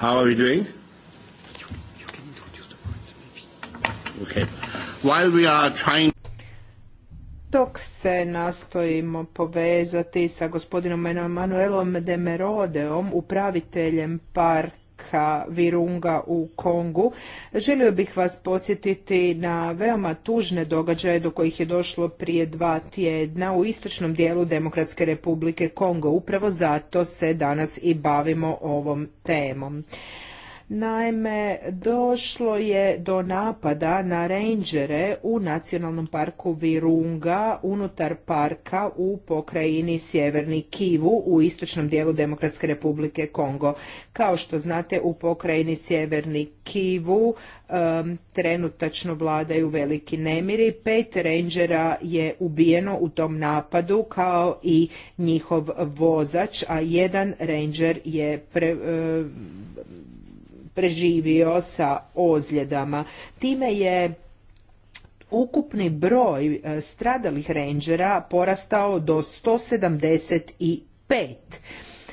How are we doing? Dok se nastojimo povezati sa gospodinom de Merodeom, upraviteljem par Virunga u Kongu. Želio bih vas podsjetiti na veoma tužne događaje do kojih je došlo prije dva tjedna u istočnom dijelu Demokratske republike Kongo. Upravo zato se danas i bavimo ovom temom. Naime, došlo je do napada na rangere u nacionalnom parku Virunga unutar parka u pokrajini Sjeverni Kivu u istočnom dijelu Demokratske republike Kongo. Kao što znate, u pokrajini Sjeverni Kivu trenutačno vladaju veliki nemiri. Pet rangera je ubijeno u tom napadu kao i njihov vozač, a jedan ranger je preživio sa ozljedama. Time je ukupni broj e, stradalih rangera porastao do 175.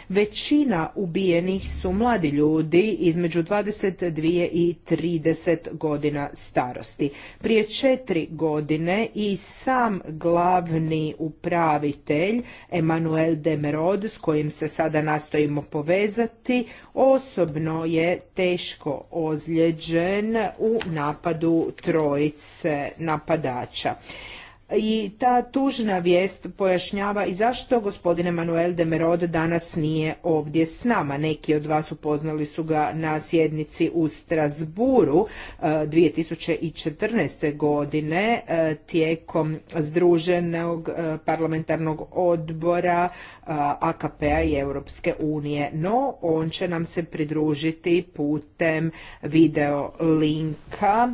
Većina ubijenih su mladi ljudi između 22 i 30 godina starosti. Prije četiri godine i sam glavni upravitelj Emanuel Demerod s kojim se sada nastojimo povezati osobno je teško ozlijeđen u napadu trojice napadača i ta tužna vijest pojašnjava i zašto gospodine Manuel de Merod danas nije ovdje s nama. Neki od vas upoznali su ga na sjednici u Strasburu 2014. E, godine e, tijekom Združenog e, parlamentarnog odbora AKP-a i Europske unije. No, on će nam se pridružiti putem video linka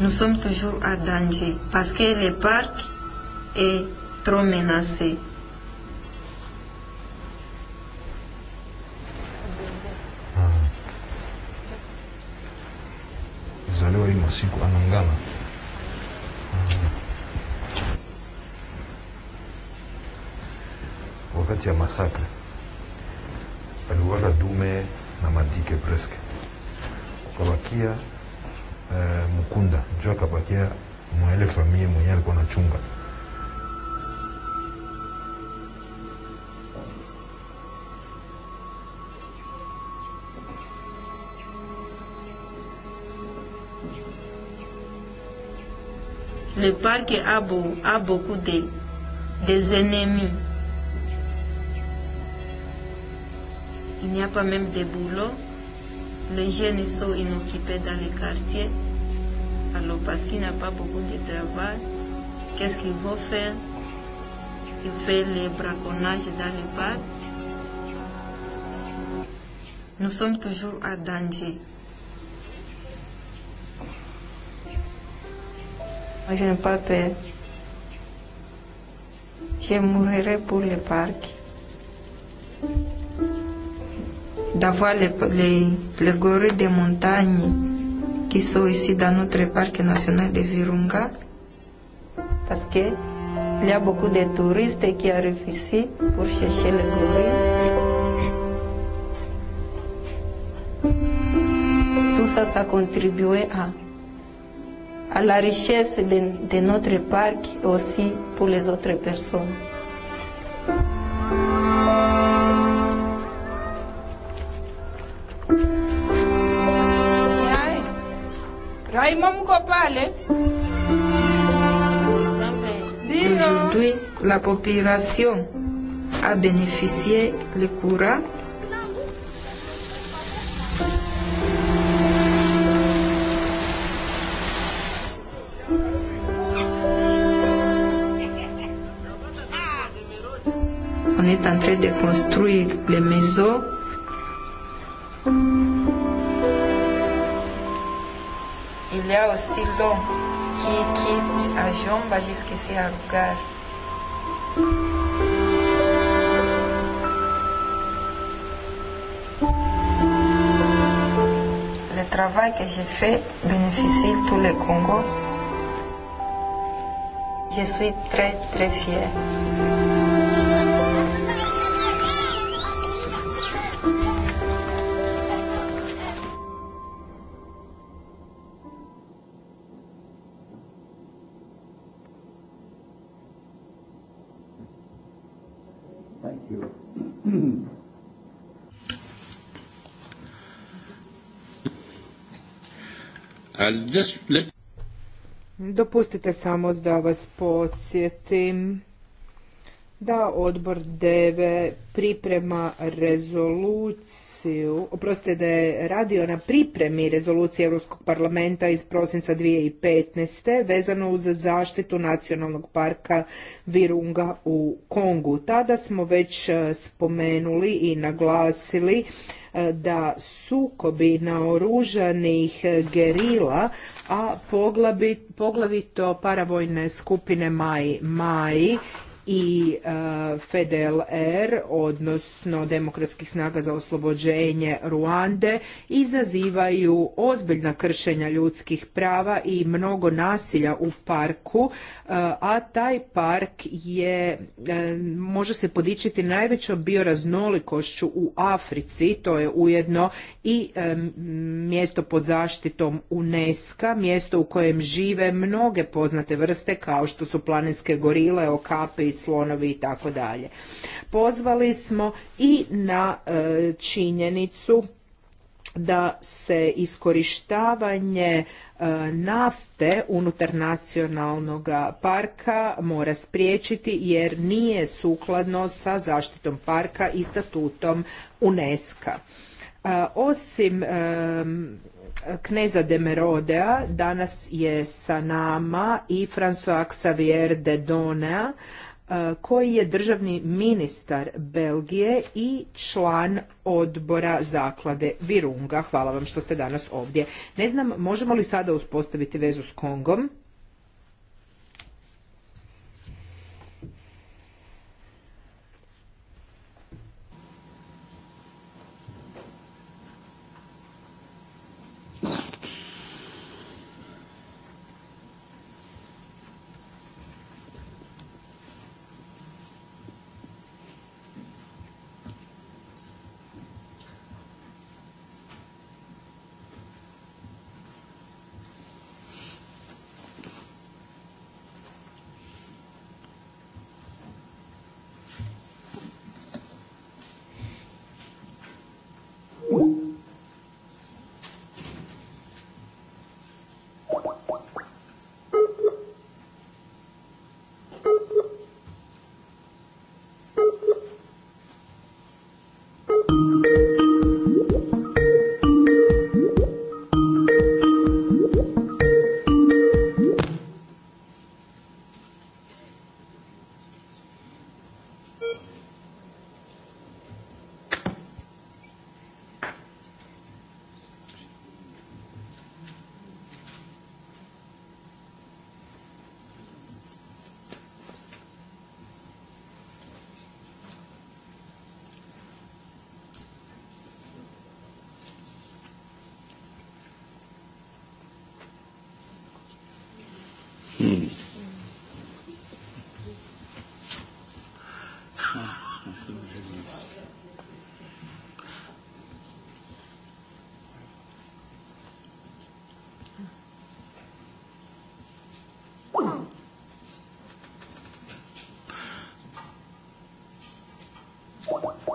nous sommes toujours à danger parce que le parc est trop menacé. Zaliwa ah. hii masiku anangala. Wakati ah. ya masakre aliwala dume na madike preske, ukabakia eh, Mkunda ndio akabakia mwa ile familia mwenyewe alikuwa chunga Le parc a, beau, a beaucoup de, des ennemis. Il n'y a pas même des boulots. Les jeunes sont inoccupés dans les quartiers, alors parce qu'il n'y a pas beaucoup de travail, qu'est-ce qu'ils vont faire Ils font les braconnages dans les parcs Nous sommes toujours à danger. Moi, je n'ai pas peur. Je mourrai pour le parc d'avoir les, les, de montagne des qui sont ici dans notre parc national de Virunga. Parce que il y a beaucoup de touristes qui arrivent ici pour chercher les gorilles. Tout ça, ça contribue à, à la richesse de, de notre parc aussi pour les autres personnes. pale? Eh? Aujourd'hui, la population a bénéficié le courant On est en train de construire les maisons Il y a aussi l'homme qui quitte a jomba jusqu'ici a lugar. Le travail que j'ai fait bénéficie tous les Congos. Je suis très très fière. Dopustite samo da vas podsjetim da odbor DEVE priprema rezoluciju, oprostite da je radio na pripremi rezolucije Europskog parlamenta iz prosinca 2015. vezano uz zaštitu nacionalnog parka Virunga u Kongu. Tada smo već e, spomenuli i naglasili da sukobi naoružanih gerila, a poglavito paravojne skupine Maji, Maji i e, FDLR, odnosno demokratskih snaga za oslobođenje Ruande, izazivaju ozbiljna kršenja ljudskih prava i mnogo nasilja u parku, e, a taj park je, e, može se podičiti najvećom bioraznolikošću u Africi, to je ujedno i mjesto pod zaštitom UNESCO, mjesto u kojem žive mnoge poznate vrste kao što su planinske gorile, okape i slonovi i tako dalje. Pozvali smo i na e, činjenicu da se iskorištavanje e, nafte unutar nacionalnog parka mora spriječiti jer nije sukladno sa zaštitom parka i statutom unesco e, Osim Kneza de Merodea danas je sa nama i François Xavier de Donnea E, koji je državni ministar Belgije i član odbora zaklade Virunga. Hvala vam što ste danas ovdje. Ne znam, možemo li sada uspostaviti vezu s Kongom? Hvala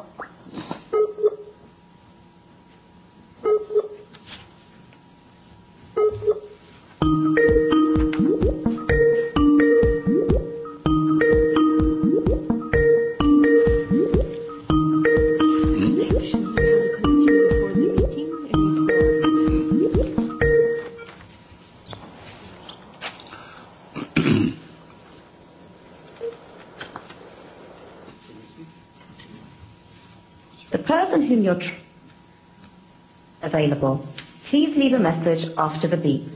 leave a message after the beep.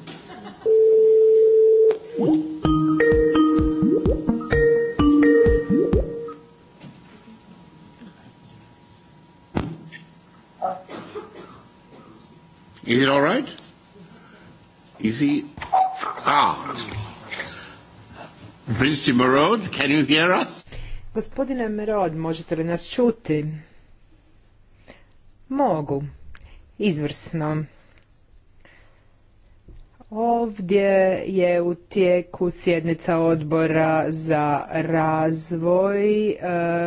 Is it all right? Is he? Ah. Mr. Merod, can you hear us? Gospodine Merod, možete li nas čuti? Mogu. Izvrsno. Ovdje je u tijeku sjednica odbora za razvoj. E,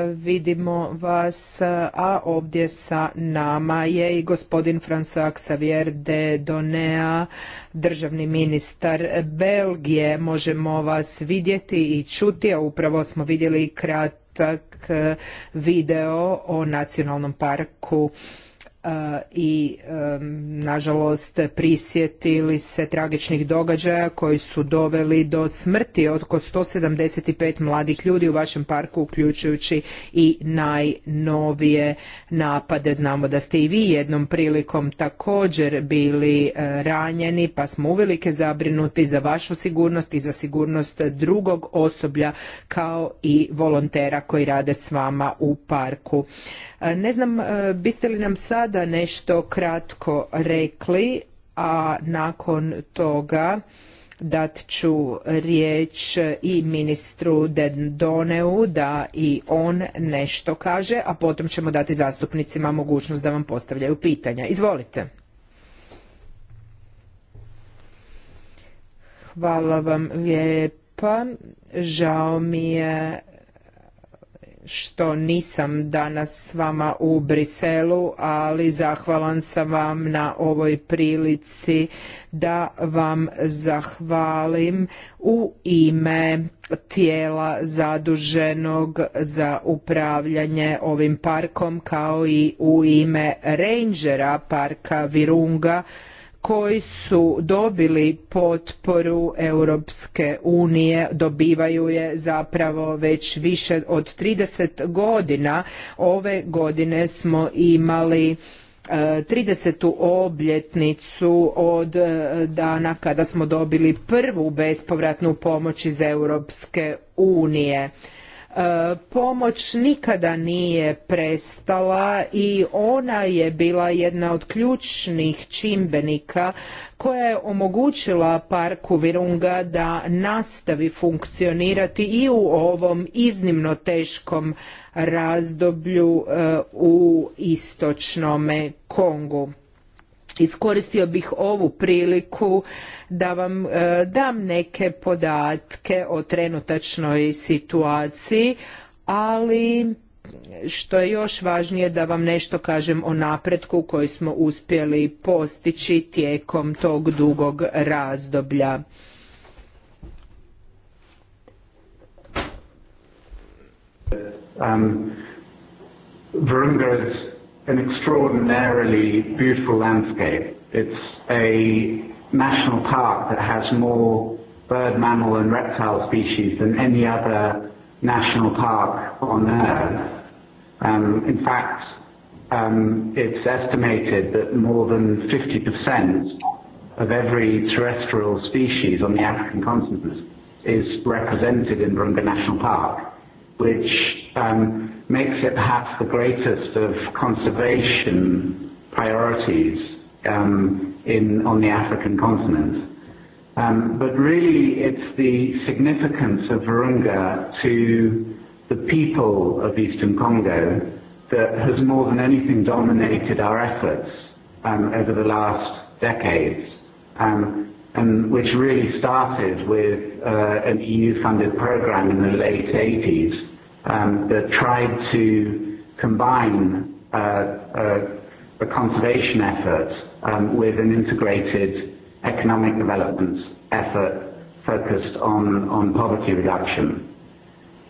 vidimo vas, a ovdje sa nama je i gospodin François Xavier de Donea, državni ministar Belgije. Možemo vas vidjeti i čuti, a upravo smo vidjeli kratak e, video o nacionalnom parku E, i e, nažalost prisjetili se tragičnih događaja koji su doveli do smrti oko 175 mladih ljudi u vašem parku uključujući i najnovije napade. Znamo da ste i vi jednom prilikom također bili e, ranjeni pa smo uvelike zabrinuti za vašu sigurnost i za sigurnost drugog osoblja kao i volontera koji rade s vama u parku. Ne znam biste li nam sad da nešto kratko rekli, a nakon toga dat ću riječ i ministru Dendoneu da i on nešto kaže, a potom ćemo dati zastupnicima mogućnost da vam postavljaju pitanja. Izvolite. Hvala vam lijepa. Žao mi je što nisam danas s vama u Briselu, ali zahvalan sam vam na ovoj prilici da vam zahvalim u ime tijela zaduženog za upravljanje ovim parkom kao i u ime rangera parka Virunga koji su dobili potporu Europske unije, dobivaju je zapravo već više od 30 godina. Ove godine smo imali 30. E, obljetnicu od e, dana kada smo dobili prvu bespovratnu pomoć iz Europske unije. E, pomoć nikada nije prestala i ona je bila jedna od ključnih čimbenika koja je omogućila parku Virunga da nastavi funkcionirati i u ovom iznimno teškom razdoblju e, u istočnome Kongu. Iskoristio bih ovu priliku da vam e, dam neke podatke o trenutačnoj situaciji, ali što je još važnije da vam nešto kažem o napretku koji smo uspjeli postići tijekom tog dugog razdoblja. Um, an extraordinarily beautiful landscape. It's a national park that has more bird, mammal and reptile species than any other national park on Earth. Um, in fact, um, it's estimated that more than 50% of every terrestrial species on the African continent is represented in Runga National Park, which um, makes it perhaps the greatest of conservation priorities um, in, on the African continent. Um, but really, it's the significance of Virunga to the people of Eastern Congo that has more than anything dominated our efforts um, over the last decades, um, and which really started with uh, an EU-funded program in the late 80s Um, that tried to combine uh, a uh, a conservation effort um, with an integrated economic development effort focused on, on poverty reduction.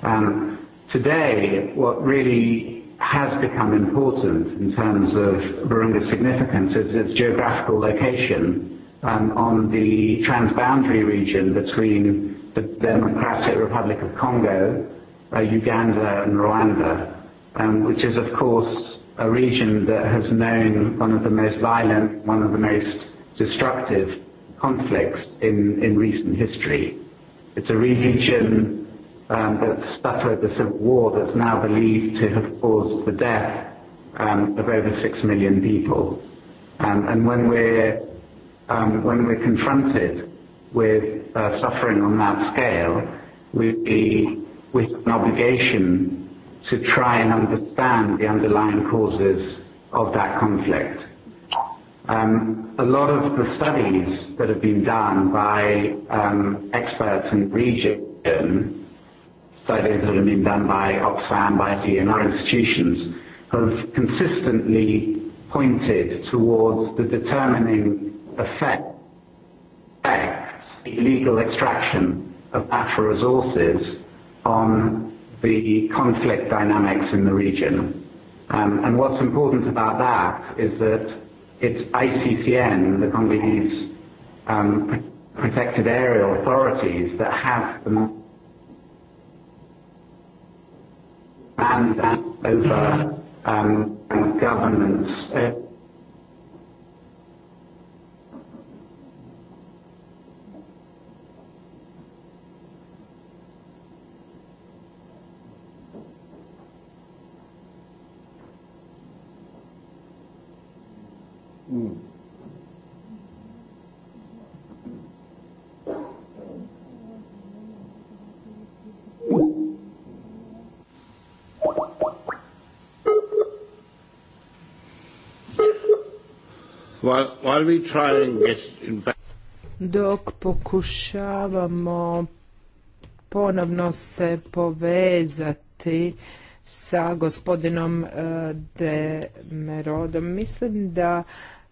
Um, today, what really has become important in terms of Burundi's significance is its geographical location um, on the transboundary region between the Democratic Republic of Congo uh, Uganda and Rwanda, um, which is of course a region that has known one of the most violent, one of the most destructive conflicts in, in recent history. It's a region um, that suffered the civil war that's now believed to have caused the death um, of over six million people. Um, and when we're, um, when we're confronted with uh, suffering on that scale, we with an obligation to try and understand the underlying causes of that conflict. Um, a lot of the studies that have been done by um, experts in the region, studies that have been done by Oxfam, by the and other institutions, have consistently pointed towards the determining effect, of illegal extraction of natural resources on the conflict dynamics in the region. Um, and what's important about that is that it's ICCN, the Congolese um, protected area authorities, that have the and over um, governments. Dok pokušavamo ponovno se povezati sa gospodinom eh, De Merodom, mislim da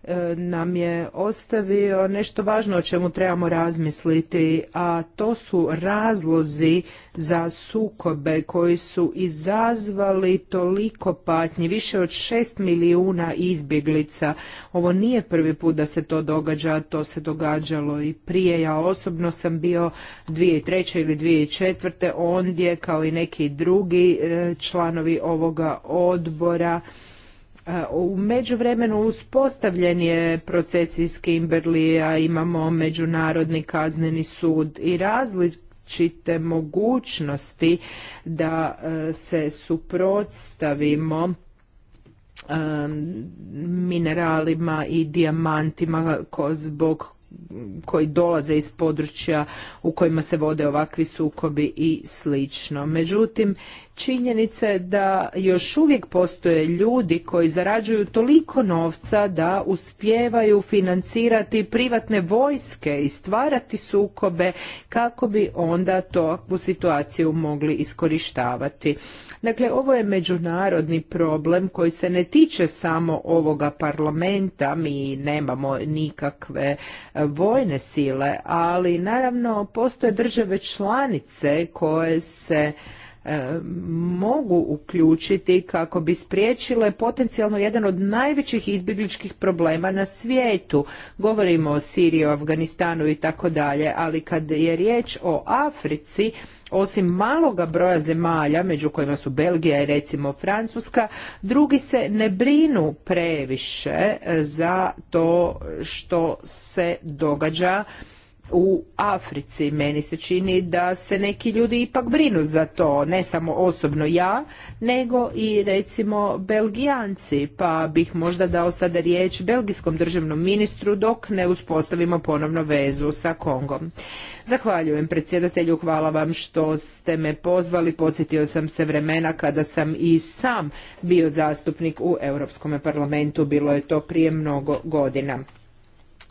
E, nam je ostavio nešto važno o čemu trebamo razmisliti, a to su razlozi za sukobe koji su izazvali toliko patnji, više od šest milijuna izbjeglica. Ovo nije prvi put da se to događa, to se događalo i prije. Ja osobno sam bio 2003. ili 2004. ondje kao i neki drugi e, članovi ovoga odbora u međuvremenu uspostavljen je proces iz Kimberlija, imamo Međunarodni kazneni sud i različite mogućnosti da se suprotstavimo mineralima i dijamantima zbog koji dolaze iz područja u kojima se vode ovakvi sukobi i slično. Međutim, činjenice da još uvijek postoje ljudi koji zarađuju toliko novca da uspijevaju financirati privatne vojske i stvarati sukobe kako bi onda to u situaciju mogli iskorištavati. Dakle, ovo je međunarodni problem koji se ne tiče samo ovoga parlamenta, mi nemamo nikakve e, vojne sile, ali naravno postoje države članice koje se E, mogu uključiti kako bi spriječile potencijalno jedan od najvećih izbjegličkih problema na svijetu. Govorimo o Siriji, o Afganistanu i tako dalje, ali kad je riječ o Africi, osim maloga broja zemalja, među kojima su Belgija i recimo Francuska, drugi se ne brinu previše za to što se događa u Africi. Meni se čini da se neki ljudi ipak brinu za to, ne samo osobno ja, nego i recimo Belgijanci, pa bih možda dao sada riječ belgijskom državnom ministru dok ne uspostavimo ponovno vezu sa Kongom. Zahvaljujem predsjedatelju, hvala vam što ste me pozvali, podsjetio sam se vremena kada sam i sam bio zastupnik u Europskom parlamentu, bilo je to prije mnogo godina.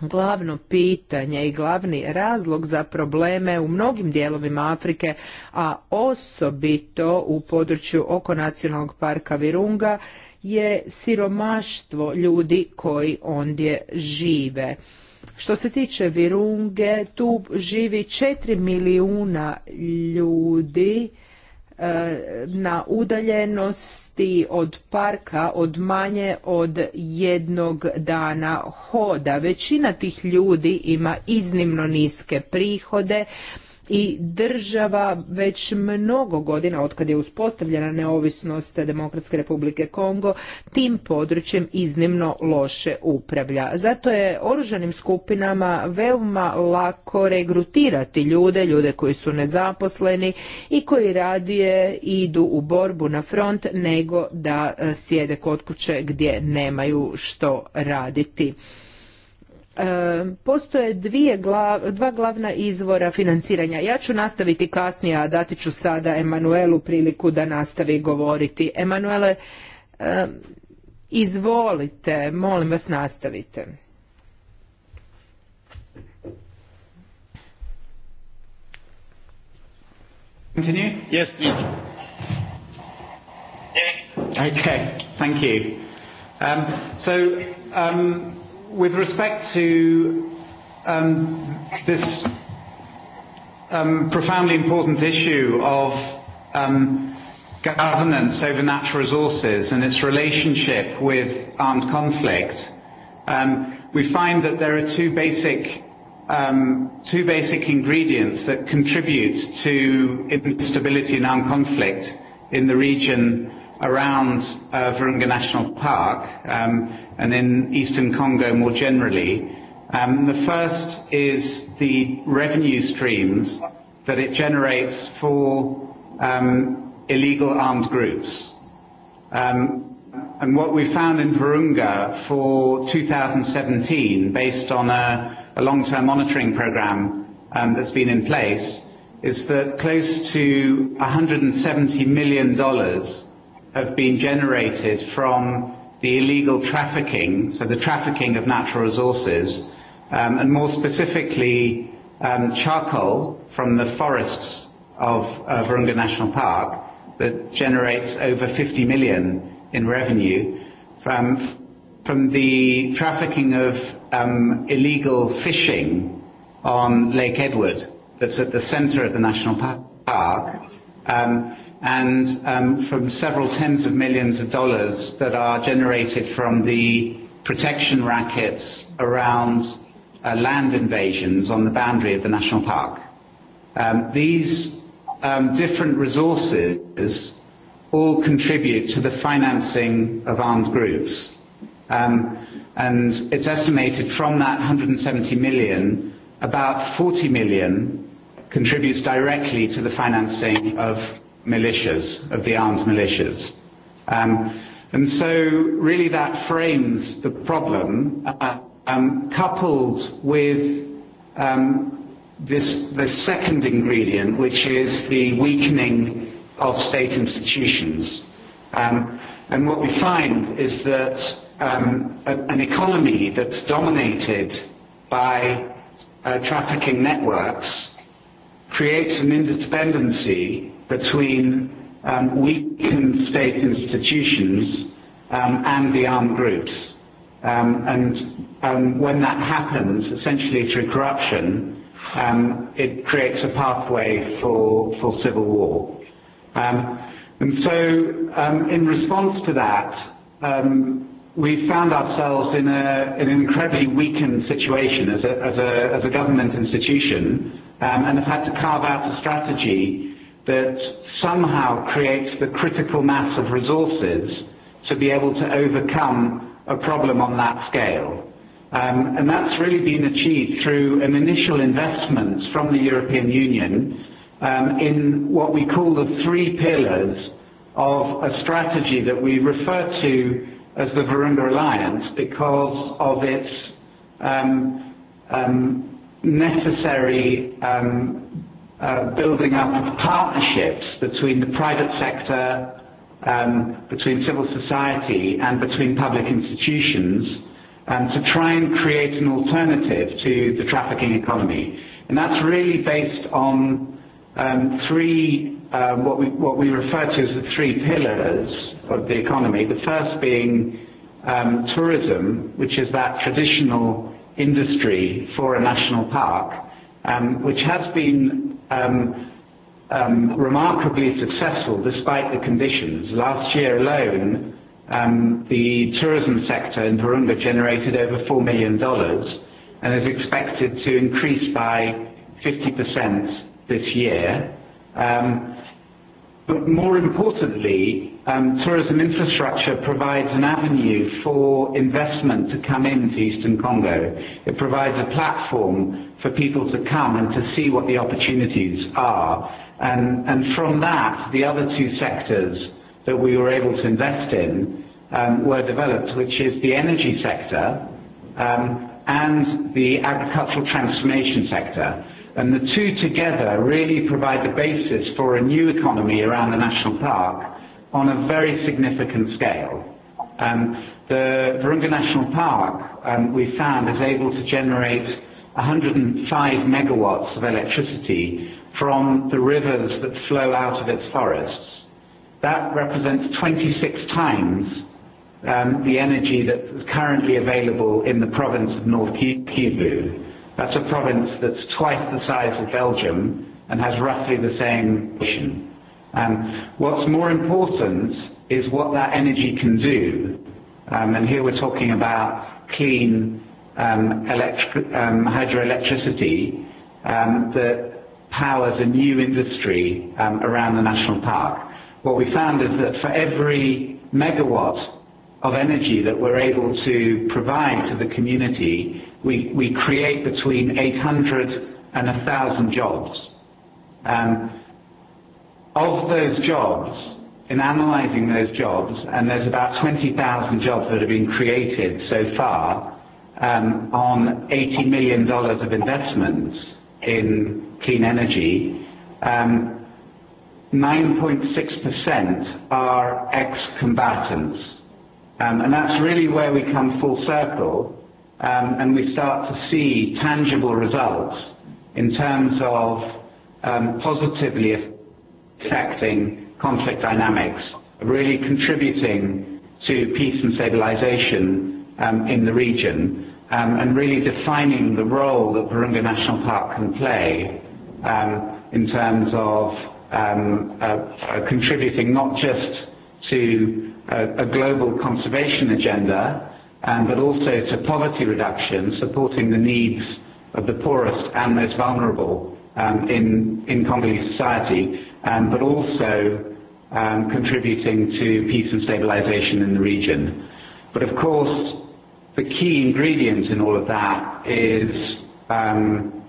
Glavno pitanje i glavni razlog za probleme u mnogim dijelovima Afrike, a osobito u području oko nacionalnog parka Virunga, je siromaštvo ljudi koji ondje žive. Što se tiče Virunge, tu živi 4 milijuna ljudi E, na udaljenosti od parka od manje od jednog dana hoda. Većina tih ljudi ima iznimno niske prihode, i država već mnogo godina otkad je uspostavljena neovisnost Demokratske republike Kongo tim područjem iznimno loše upravlja. Zato je oružanim skupinama veoma lako regrutirati ljude, ljude koji su nezaposleni i koji radije idu u borbu na front nego da e, sjede kod kuće gdje nemaju što raditi. Postoje dvije dva glavna izvora financiranja. Ja ću nastaviti kasnije, a dati ću sada Emanuelu priliku da nastavi govoriti. Emanuele, izvolite, molim vas nastavite. Continue? Okay, thank you. Um, so, um, with respect to um, this um, profoundly important issue of um, governance over natural resources and its relationship with armed conflict, um, we find that there are two basic um, two basic ingredients that contribute to instability and armed conflict in the region around uh, Virunga National Park um, and in eastern Congo more generally. Um, the first is the revenue streams that it generates for um, illegal armed groups. Um, and what we found in Virunga for 2017, based on a, a long-term monitoring program um, that's been in place, is that close to $170 million have been generated from the illegal trafficking, so the trafficking of natural resources, um, and more specifically um, charcoal from the forests of uh, Virunga National Park that generates over 50 million in revenue from from the trafficking of um, illegal fishing on Lake Edward that's at the center of the national pa-, park. Um, and um, from several tens of millions of dollars that are generated from the protection rackets around uh, land invasions on the boundary of the national park. Um, these um, different resources all contribute to the financing of armed groups. Um, and it's estimated from that 170 million, about 40 million contributes directly to the financing of militias, of the armed militias. Um, and so really that frames the problem uh, um, coupled with um, this, the second ingredient, which is the weakening of state institutions. Um, and what we find is that um, a, an economy that's dominated by uh, trafficking networks creates an interdependency between um, weakened state institutions um, and the armed groups. Um, and um, when that happens, essentially through corruption, um, it creates a pathway for, for civil war. Um, and so um, in response to that, um, we found ourselves in, a, in an incredibly weakened situation as a, as a, as a government institution um, and have had to carve out a strategy that somehow creates the critical mass of resources to be able to overcome a problem on that scale. Um, and that's really been achieved through an initial investment from the European Union um, in what we call the three pillars of a strategy that we refer to as the Virunga Alliance because of its um, um, necessary um, uh, building up partnerships between the private sector, um, between civil society and between public institutions um, to try and create an alternative to the trafficking economy. And that's really based on um, three, um what, we, what we refer to as the three pillars of the economy. The first being um, tourism, which is that traditional industry for a national park um, which has been um, um, remarkably successful despite the conditions. Last year alone, um, the tourism sector in Burundi generated over $4 million and is expected to increase by 50% this year. Um, but more importantly, um, tourism infrastructure provides an avenue for investment to come into Eastern Congo. It provides a platform for people to come and to see what the opportunities are. And and From that, the other two sectors that we were able to invest in um, were developed, which is the energy sector um, and the agricultural transformation sector. And The two together really provide the basis for a new economy around the national park on a very significant scale. Um, the Virunga National Park, we found, is able to generate 105 megawatts of electricity from the rivers that flow out of its forests. That represents 26 times um, the energy that is currently available in the province of North Kivu. That's a province that's twice the size of Belgium and has roughly the same mission. Um, what's more important is what that energy can do. Um, and here we're talking about clean um, electric, um, hydroelectricity um, that powers a new industry um, around the national park. What we found is that for every megawatt of energy that we're able to provide to the community, we, we create between 800 and 1,000 jobs. Um, of those jobs, in analyzing those jobs, and there's about 20,000 jobs that have been created so far, um, on $80 million of investments in clean energy, um, 9.6% are ex-combatants. Um, and that's really where we come full circle um, and we start to see tangible results in terms of um, positively affecting conflict dynamics, really contributing to peace and stabilization um, in the region um, and really defining the role that Burunga National Park can play um, in terms of um, uh, uh, contributing not just to a, uh, a global conservation agenda, um, but also to poverty reduction, supporting the needs of the poorest and most vulnerable um, in, in Congolese society, um, but also um, contributing to peace and stabilization in the region. But of course, the key ingredient in all of that is um,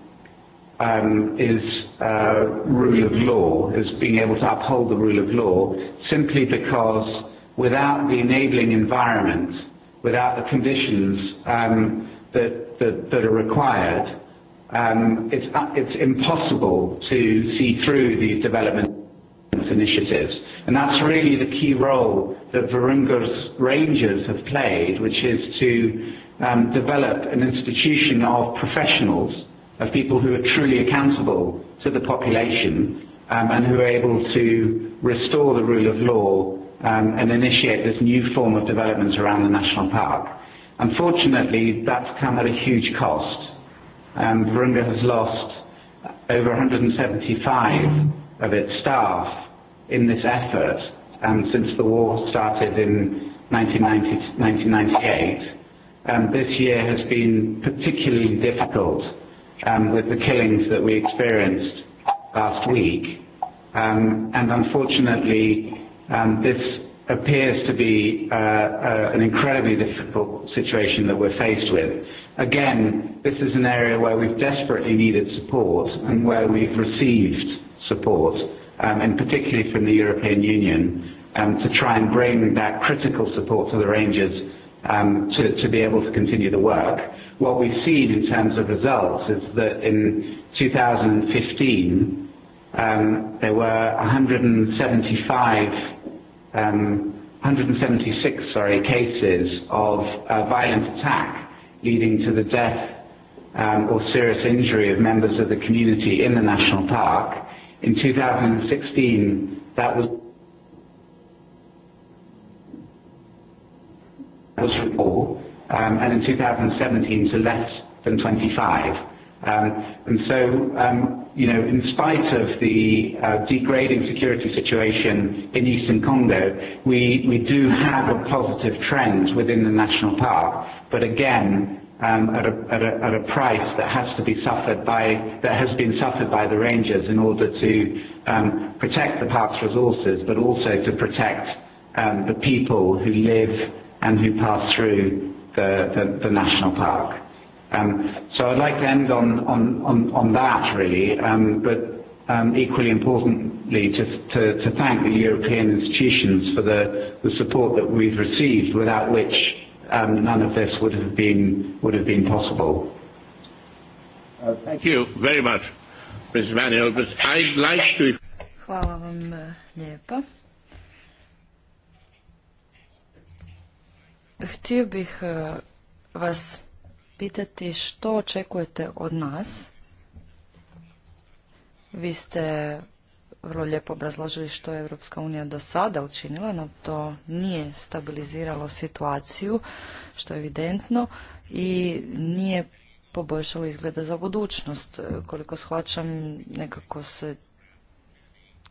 um, is uh, rule of law, is being able to uphold the rule of law, simply because without the enabling environment, without the conditions um, that, that, that are required, um, it's, uh, it's impossible to see through these development initiatives. And that's really the key role that Varunga's Rangers have played, which is to um, develop an institution of professionals, of people who are truly accountable to the population um, and who are able to restore the rule of law um, and initiate this new form of development around the national park. Unfortunately, that's come at a huge cost. Um, Virunga has lost over 175 of its staff in this effort um, since the war started in 1990 1998. Um, this year has been particularly difficult um, with the killings that we experienced last week. Um, and unfortunately, um, this appears to be uh, uh, an incredibly difficult situation that we're faced with. Again, this is an area where we've desperately needed support and where we've received support um, and particularly from the European Union, um, to try and bring that critical support to the Rangers um, to, to be able to continue the work. What we've seen in terms of results is that in 2015 um, there were 175, um, 176 sorry, cases of uh, violent attack leading to the death um, or serious injury of members of the community in the national park In 2016, that was was four, um, and in 2017 to less than 25. Um, and so, um, you know, in spite of the uh, degrading security situation in eastern Congo, we, we do have a positive trend within the national park. But again, um, at, a, at, a, at a price that has to be suffered by, that has been suffered by the rangers in order to um, protect the park's resources, but also to protect um, the people who live and who pass through the, the, the national park. Um, so I'd like to end on, on, on, on that really, um, but um, equally importantly to, to, to thank the European institutions for the, the support that we've received without which um, none of this would have been, would have been possible. Uh, thank you very much, Mr. Manuel, but I'd like to... Hvala vam uh, lijepa. Htio bih uh, vas pitati što očekujete od nas. Vi ste vrlo lijepo obrazložili što je Europska unija do sada učinila, no to nije stabiliziralo situaciju, što je evidentno, i nije poboljšalo izgleda za budućnost. Koliko shvaćam, nekako se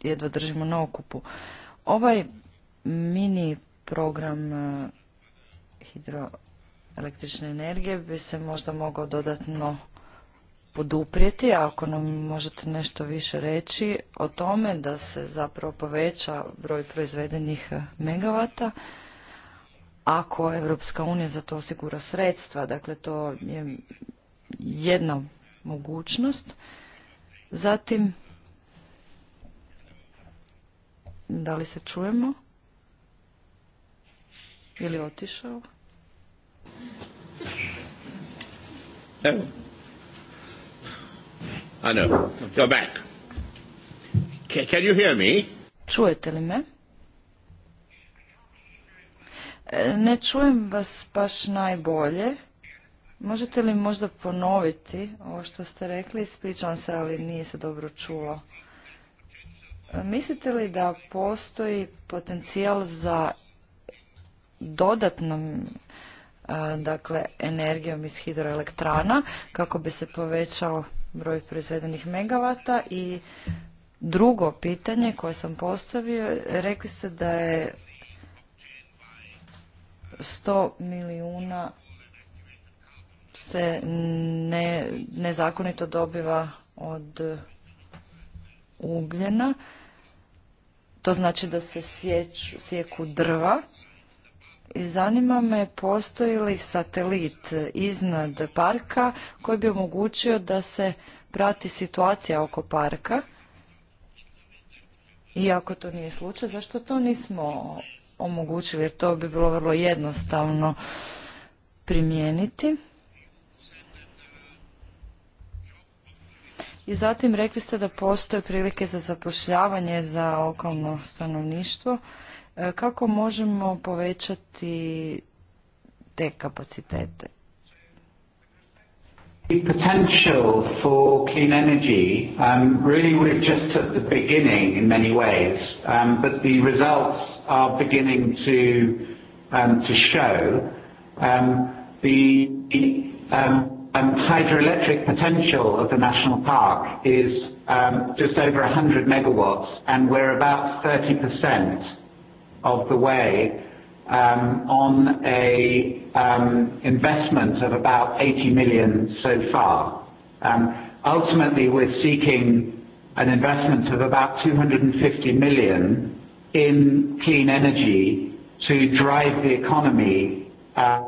jedva držimo na okupu. Ovaj mini program e, hidroelektrične energije bi se možda mogao dodatno poduprijeti, ako nam možete nešto više reći o tome da se zapravo poveća broj proizvedenih megavata, ako Evropska unija za to osigura sredstva, dakle to je jedna mogućnost. Zatim, da li se čujemo? Ili otišao? Evo. Čujete li me? E, ne čujem vas baš najbolje. Možete li možda ponoviti ovo što ste rekli? Ispričavam se, ali nije se dobro čulo. E, mislite li da postoji potencijal za dodatnom e, dakle energijom iz hidroelektrana kako bi se povećao broj proizvedenih megavata i drugo pitanje koje sam postavio, rekli ste da je 100 milijuna se ne, nezakonito dobiva od ugljena. To znači da se sijeku sjeku drva zanima me postoji li satelit iznad parka koji bi omogućio da se prati situacija oko parka. I ako to nije slučaj, zašto to nismo omogućili jer to bi bilo vrlo jednostavno primijeniti. I zatim rekli ste da postoje prilike za zapošljavanje za lokalno stanovništvo. E, kako možemo povećati te kapacitete? The potential for clean energy um, really we're just at the beginning in many ways, um, but the results are beginning to um, to show. Um, the um, um, hydroelectric potential of the national park is um, just over 100 megawatts, and we're about 30 percent of the way um, on a um, investment of about 80 million so far. Um, ultimately, we're seeking an investment of about 250 million in clean energy to drive the economy. Uh,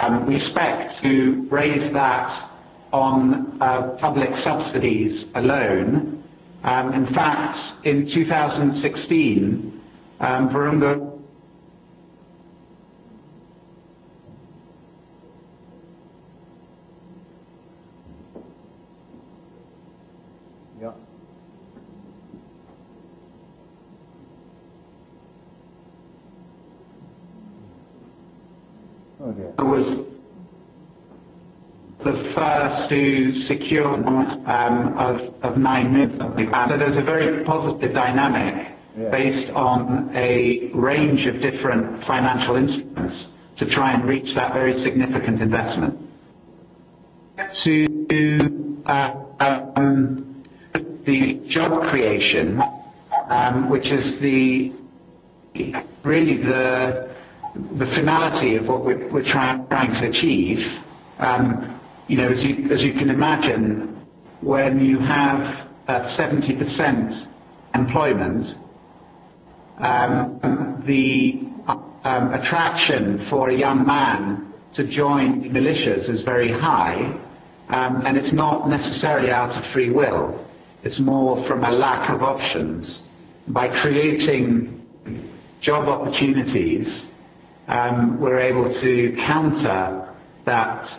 um, we expect to raise that on uh, public subsidies alone Um, in fact, in 2016, um, Virunga Ja. Okay. Oh, was the first to secure um, of, of nine million. So there's a very positive dynamic yeah. based on a range of different financial instruments to try and reach that very significant investment. To uh, um, the job creation, um, which is the really the the finality of what we're, we're trying, trying to achieve. Um, You know, as you, as you can imagine, when you have uh, 70% employment, um, the um, attraction for a young man to join militias is very high, um, and it's not necessarily out of free will. It's more from a lack of options. By creating job opportunities, um, we're able to counter that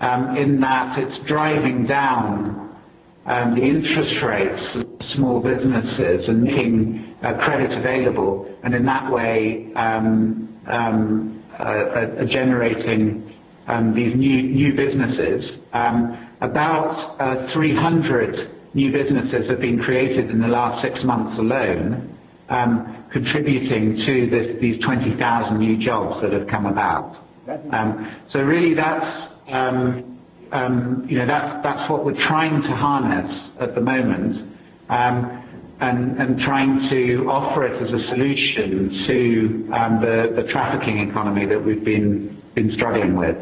um, in that it's driving down um, the interest rates of small businesses and making uh, credit available, and in that way um, um, uh, uh, generating um, these new, new businesses. Um, about uh, 300 new businesses have been created in the last six months alone, um, contributing to this, these 20,000 new jobs that have come about. Um, so really that's um, um, you know, that's, that's what we're trying to harness at the moment um, and, and trying to offer it as a solution to um, the, trafficking economy that we've been, been struggling with.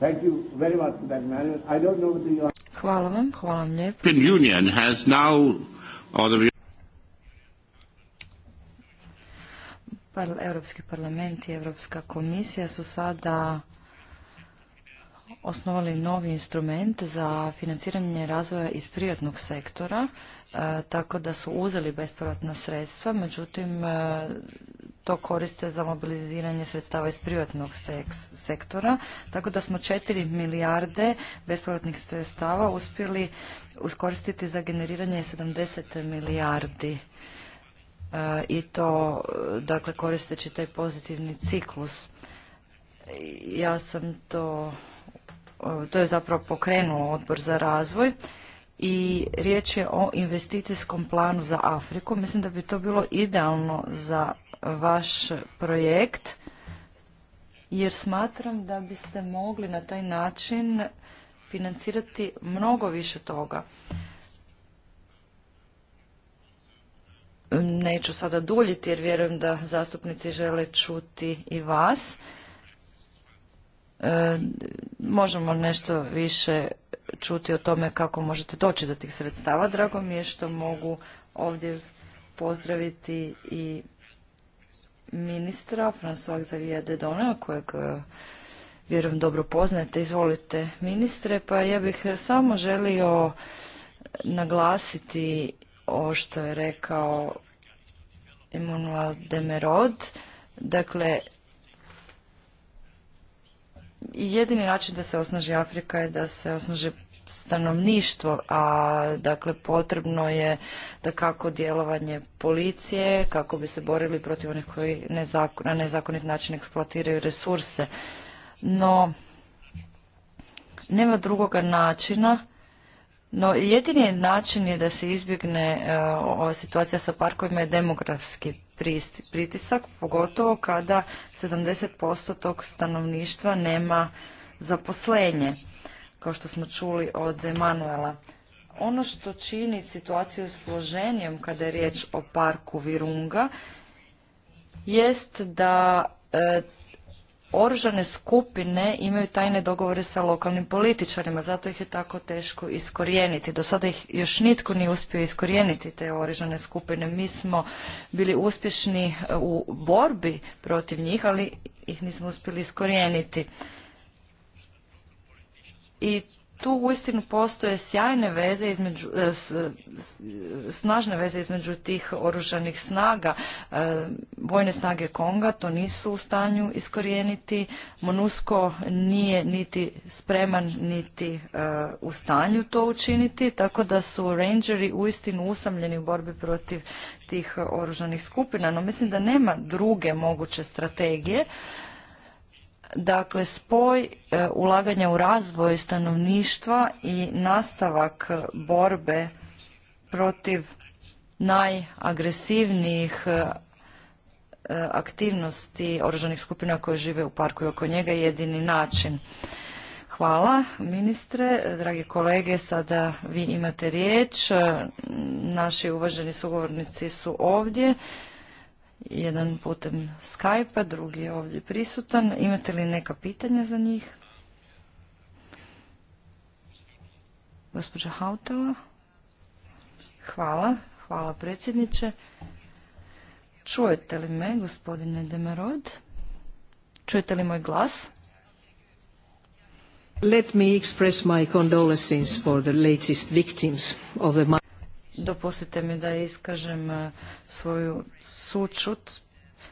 Thank you very much for that, Manuel. I don't know the... Hvala vam, hvala vam lijepo. Union has now, Europski parlament i Europska komisija su sada osnovali novi instrument za financiranje razvoja iz privatnog sektora, e, tako da su uzeli bespovratna sredstva, međutim e, to koriste za mobiliziranje sredstava iz privatnog sektora, tako da smo 4 milijarde bespovratnih sredstava uspjeli uskoristiti za generiranje 70 milijardi e, i to dakle koristeći taj pozitivni ciklus. Ja sam to to je zapravo pokrenuo odbor za razvoj i riječ je o investicijskom planu za Afriku. Mislim da bi to bilo idealno za vaš projekt jer smatram da biste mogli na taj način financirati mnogo više toga. Neću sada duljiti jer vjerujem da zastupnici žele čuti i vas. E, možemo nešto više čuti o tome kako možete doći do tih sredstava. Drago mi je što mogu ovdje pozdraviti i ministra François Xavier Dedona kojeg e, vjerujem dobro poznajete. Izvolite ministre, pa ja bih samo želio naglasiti ovo što je rekao Emmanuel Demerod. Dakle, jedini način da se osnaži Afrika je da se osnaži stanovništvo, a dakle potrebno je da kako djelovanje policije, kako bi se borili protiv onih koji nezakon, na nezakonit način eksploatiraju resurse. No, nema drugoga načina no, jedini način je da se izbjegne e, ova situacija sa parkovima je demografski pritisak, pogotovo kada 70% tog stanovništva nema zaposlenje, kao što smo čuli od Emanuela. Ono što čini situaciju složenijom kada je riječ o parku Virunga jest da e, oružane skupine imaju tajne dogovore sa lokalnim političarima, zato ih je tako teško iskorijeniti. Do sada ih još nitko nije uspio iskorijeniti, te oružane skupine. Mi smo bili uspješni e, u borbi protiv njih, ali ih nismo uspjeli iskorijeniti. I tu uistinu postoje sjajne veze između, e, snažne veze između tih oružanih snaga. E, vojne snage Konga to nisu u stanju iskorijeniti. Monusko nije niti spreman niti e, u stanju to učiniti, tako da su rangeri uistinu usamljeni u borbi protiv tih oružanih skupina. No mislim da nema druge moguće strategije Dakle, spoj e, ulaganja u razvoj stanovništva i nastavak borbe protiv najagresivnijih e, e, aktivnosti oružanih skupina koje žive u parku i oko njega jedini način. Hvala ministre, dragi kolege, sada vi imate riječ, naši uvaženi sugovornici su ovdje jedan putem Skype-a, drugi je ovdje prisutan. Imate li neka pitanja za njih? Gospođa Hautala? Hvala, hvala predsjedniče. Čujete li me, gospodine Demarod? Čujete li moj glas? Let me express my condolences for the latest victims of the Dopustite mi da iskažem e, svoju sučut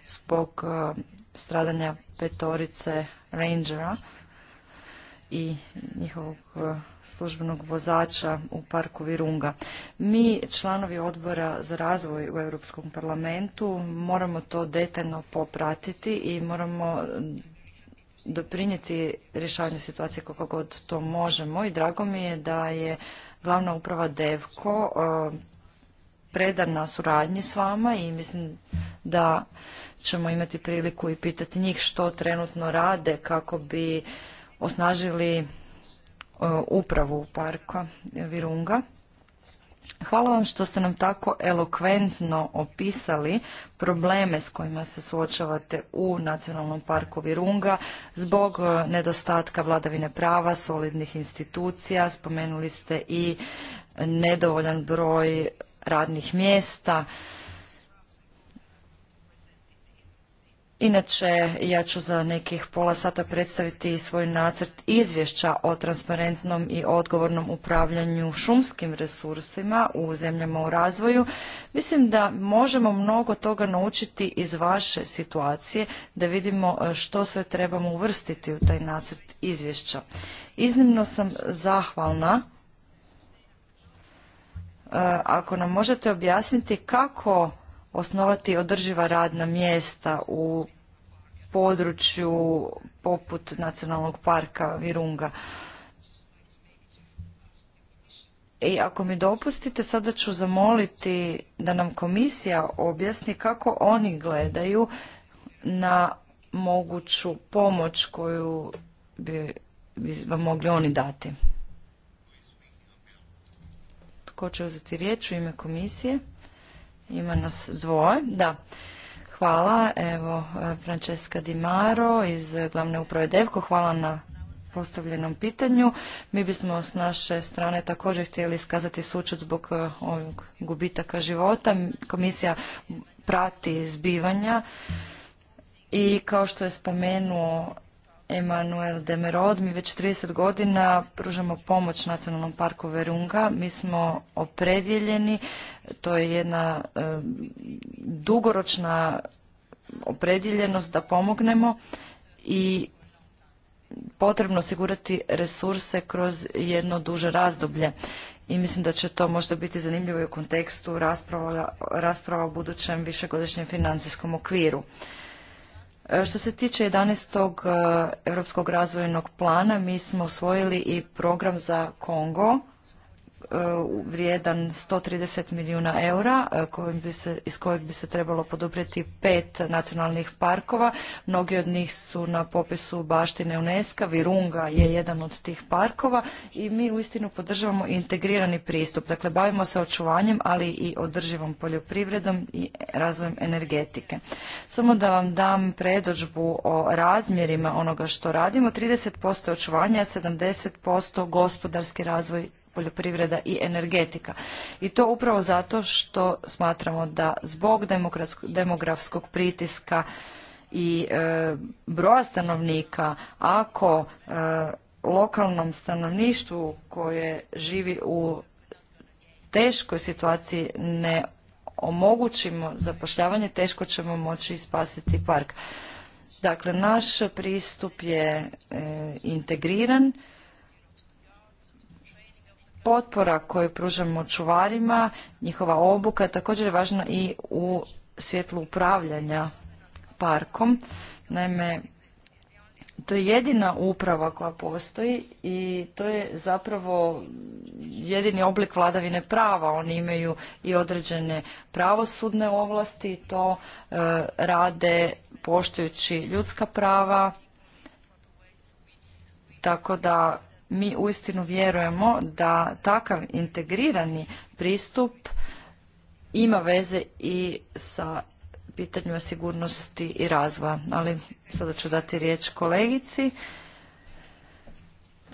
zbog e, stradanja petorice rangera i njihovog e, službenog vozača u parku Virunga. Mi, članovi odbora za razvoj u Europskom parlamentu, moramo to detaljno popratiti i moramo doprinijeti rješavanju situacije kako god to možemo i drago mi je da je glavna uprava DEVKO e, predana suradnji s vama i mislim da ćemo imati priliku i pitati njih što trenutno rade kako bi osnažili e, upravu parka Virunga. Hvala vam što ste nam tako elokventno opisali probleme s kojima se suočavate u Nacionalnom parku Virunga zbog e, nedostatka vladavine prava, solidnih institucija, spomenuli ste i nedovoljan broj radnih mjesta. Inače, ja ću za nekih pola sata predstaviti svoj nacrt izvješća o transparentnom i odgovornom upravljanju šumskim resursima u zemljama u razvoju. Mislim da možemo mnogo toga naučiti iz vaše situacije, da vidimo e, što sve trebamo uvrstiti u taj nacrt izvješća. Iznimno sam zahvalna e, ako nam možete objasniti kako osnovati održiva radna mjesta u području poput nacionalnog parka Virunga. I ako mi dopustite, sada ću zamoliti da nam komisija objasni kako oni gledaju na moguću pomoć koju bi, bi vam mogli oni dati. Tko će uzeti riječ u ime komisije? Ima nas dvoje, da. Hvala, evo, Francesca Di Maro iz glavne uprave Devko, hvala na postavljenom pitanju. Mi bismo s naše strane također htjeli iskazati sučet zbog eh, ovog gubitaka života. Komisija prati zbivanja i kao što je spomenuo Emanuel Demerod. Mi već 30 godina pružamo pomoć Nacionalnom parku Verunga. Mi smo opredjeljeni, to je jedna e, dugoročna opredjeljenost da pomognemo i potrebno osigurati resurse kroz jedno duže razdoblje. I mislim da će to možda biti zanimljivo i u kontekstu rasprava, rasprava o budućem višegodišnjem financijskom okviru. E, što se tiče 11. E, Europskog razvojnog plana, mi smo usvojili i program za Kongo E, vrijedan 130 milijuna eura e, kojim bi se, iz kojeg bi se trebalo poduprijeti pet nacionalnih parkova. Mnogi od njih su na popisu baštine UNESCO, Virunga je jedan od tih parkova i mi uistinu podržavamo integrirani pristup. Dakle, bavimo se očuvanjem, ali i održivom poljoprivredom i razvojem energetike. Samo da vam dam predođbu o razmjerima onoga što radimo. 30% očuvanja, 70% gospodarski razvoj poljoprivreda i energetika. I to upravo zato što smatramo da zbog demografskog pritiska i e, broja stanovnika, ako e, lokalnom stanovništvu koje živi u teškoj situaciji ne omogućimo zapošljavanje, teško ćemo moći spasiti park. Dakle, naš pristup je e, integriran potpora koju pružamo čuvarima, njihova obuka je također važna i u svjetlu upravljanja parkom. Naime, to je jedina uprava koja postoji i to je zapravo jedini oblik vladavine prava. Oni imaju i određene pravosudne ovlasti, to e, rade poštujući ljudska prava, tako da mi uistinu vjerujemo da takav integrirani pristup ima veze i sa pitanjima sigurnosti i razvoja. Ali sada ću dati riječ kolegici.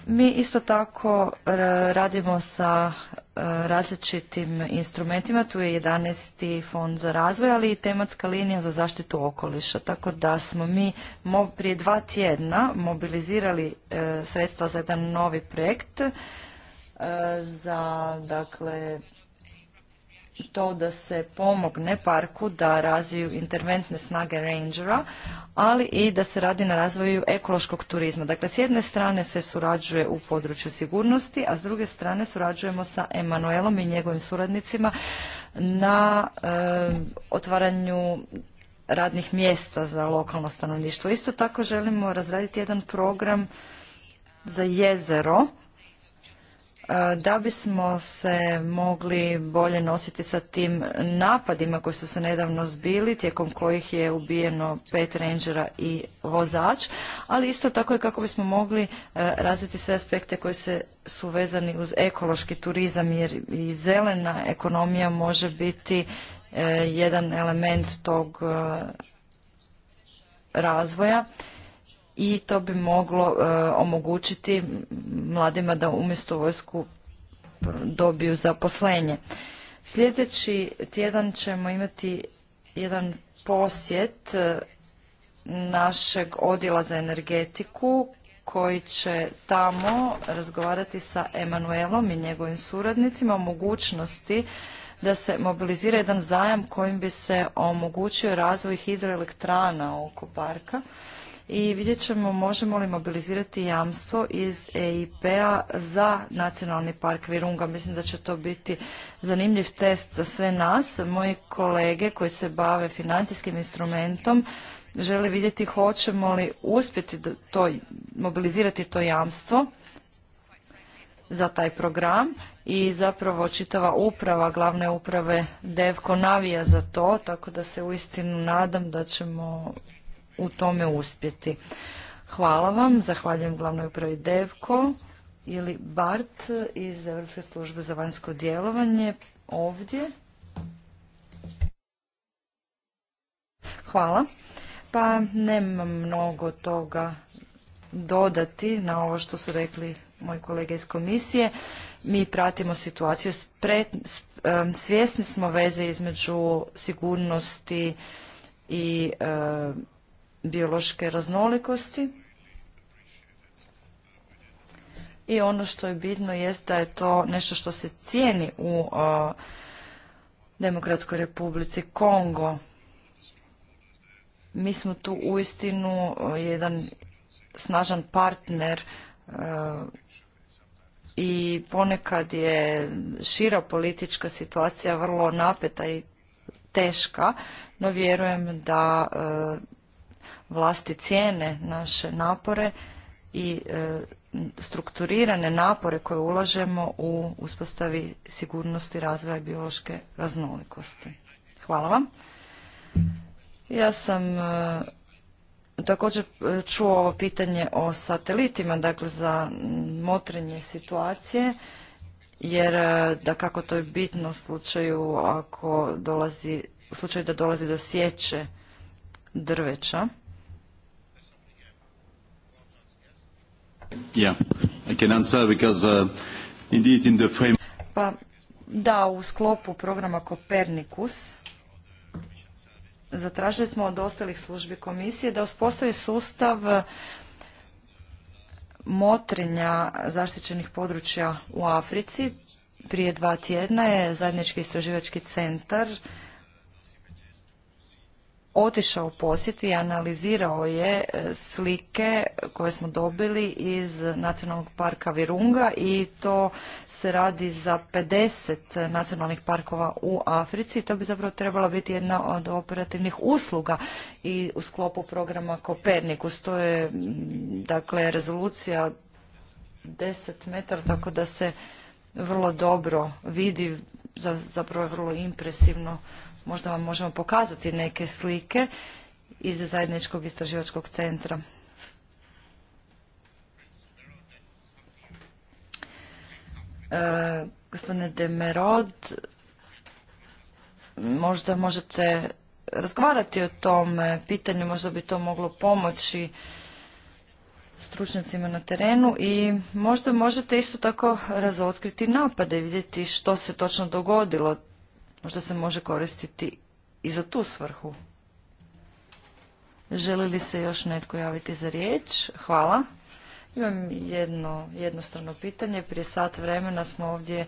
Mi isto tako e, radimo sa E, različitim instrumentima. Tu je 11. fond za razvoj, ali i tematska linija za zaštitu okoliša. Tako da smo mi prije dva tjedna mobilizirali e, sredstva za jedan novi projekt e, za dakle to da se pomogne parku da razviju interventne snage rangera, ali i da se radi na razvoju ekološkog turizma. Dakle, s jedne strane se surađuje u području sigurnosti, a s druge strane surađujemo sa Emanuelom i njegovim suradnicima na otvaranju radnih mjesta za lokalno stanovništvo. Isto tako želimo razraditi jedan program za jezero da bismo se mogli bolje nositi sa tim napadima koji su se nedavno zbili, tijekom kojih je ubijeno pet rangera i vozač, ali isto tako i kako bismo mogli e, razviti sve aspekte koji se su vezani uz ekološki turizam, jer i zelena ekonomija može biti e, jedan element tog e, razvoja i to bi moglo e, omogućiti mladima da umjesto vojsku dobiju zaposlenje. Sljedeći tjedan ćemo imati jedan posjet e, našeg odjela za energetiku koji će tamo razgovarati sa Emanuelom i njegovim suradnicima o mogućnosti da se mobilizira jedan zajam kojim bi se omogućio razvoj hidroelektrana oko parka i vidjet ćemo možemo li mobilizirati jamstvo iz EIP-a za nacionalni park Virunga. Mislim da će to biti zanimljiv test za sve nas. Moji kolege koji se bave financijskim instrumentom žele vidjeti hoćemo li uspjeti to, mobilizirati to jamstvo za taj program i zapravo čitava uprava glavne uprave Devko navija za to, tako da se uistinu nadam da ćemo u tome uspjeti. Hvala vam, zahvaljujem glavnoj upravi Devko ili Bart iz Europske službe za vanjsko djelovanje ovdje. Hvala. Pa nemam mnogo toga dodati na ovo što su rekli moji kolege iz komisije. Mi pratimo situaciju, svjesni smo veze između sigurnosti i biološke raznolikosti. I ono što je bitno jest da je to nešto što se cijeni u Demokratskoj republici Kongo. Mi smo tu uistinu jedan snažan partner i ponekad je šira politička situacija vrlo napeta i teška, no vjerujem da vlasti cijene naše napore i e, strukturirane napore koje ulažemo u uspostavi sigurnosti razvoja biološke raznolikosti. Hvala vam. Ja sam e, također e, čuo ovo pitanje o satelitima, dakle za motrenje situacije, jer da kako to je bitno u slučaju ako dolazi, u slučaju da dolazi do sječe drveća. Uh, pa da, u sklopu programa Kopernikus zatražili smo od ostalih službi komisije da uspostavi sustav uh, motrenja zaštićenih područja u Africi. Prije dva tjedna je zajednički istraživački centar otišao u posjet i analizirao je e, slike koje smo dobili iz Nacionalnog parka Virunga i to se radi za 50 nacionalnih parkova u Africi. To bi zapravo trebala biti jedna od operativnih usluga i u sklopu programa Kopernikus. To je dakle rezolucija 10 metara tako da se vrlo dobro vidi, zapravo je vrlo impresivno možda vam možemo pokazati neke slike iz zajedničkog istraživačkog centra. E, gospodine gospodine Demerod, možda možete razgovarati o tom pitanju, možda bi to moglo pomoći stručnjacima na terenu i možda možete isto tako razotkriti napade, vidjeti što se točno dogodilo. Možda se može koristiti i za tu svrhu. Želi li se još netko javiti za riječ? Hvala. Imam jedno jednostavno pitanje. Prije sat vremena smo ovdje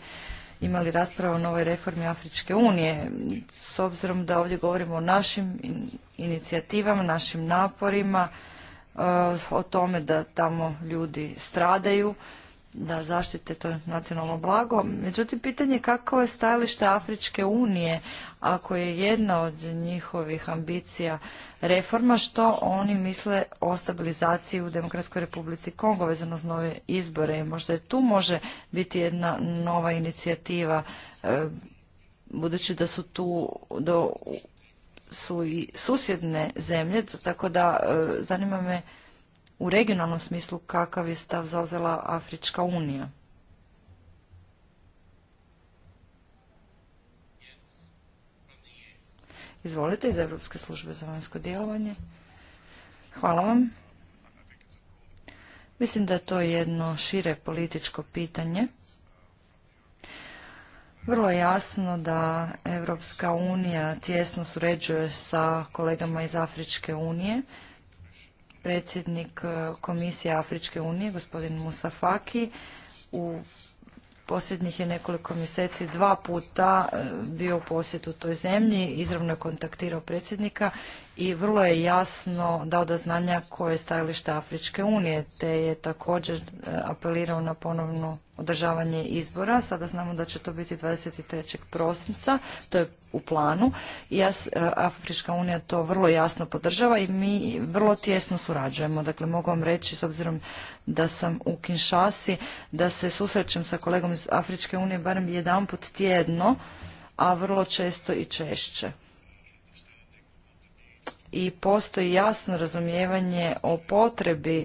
imali raspravu o novoj reformi Afričke unije. S obzirom da ovdje govorimo o našim inicijativama, našim naporima, e, o tome da tamo ljudi stradaju, da zaštite to nacionalno blago. Međutim, pitanje je kako je stajalište Afričke unije, ako je jedna od njihovih ambicija reforma, što oni misle o stabilizaciji u Demokratskoj republici Kongo vezano s nove izbore i možda je tu može biti jedna nova inicijativa e, budući da su tu do, su i susjedne zemlje, tako da e, zanima me u regionalnom smislu kakav je stav zauzela Afrička unija? Izvolite iz Europske službe za vanjsko djelovanje. Hvala vam. Mislim da je to jedno šire političko pitanje. Vrlo je jasno da Europska unija tjesno surađuje sa kolegama iz Afričke unije predsjednik e, Komisije Afričke unije, gospodin Musafaki, u posljednjih je nekoliko mjeseci dva puta e, bio u posjetu toj zemlji, izravno je kontaktirao predsjednika i vrlo je jasno dao do znanja koje je stajalište Afričke unije, te je također e, apelirao na ponovno održavanje izbora. Sada znamo da će to biti 23. prosinca, to je u planu. I e, Afrička unija to vrlo jasno podržava i mi vrlo tjesno surađujemo. Dakle, mogu vam reći, s obzirom da sam u Kinshasi, da se susrećem sa kolegom iz Afričke unije barem jedanput tjedno, a vrlo često i češće i postoji jasno razumijevanje o potrebi e,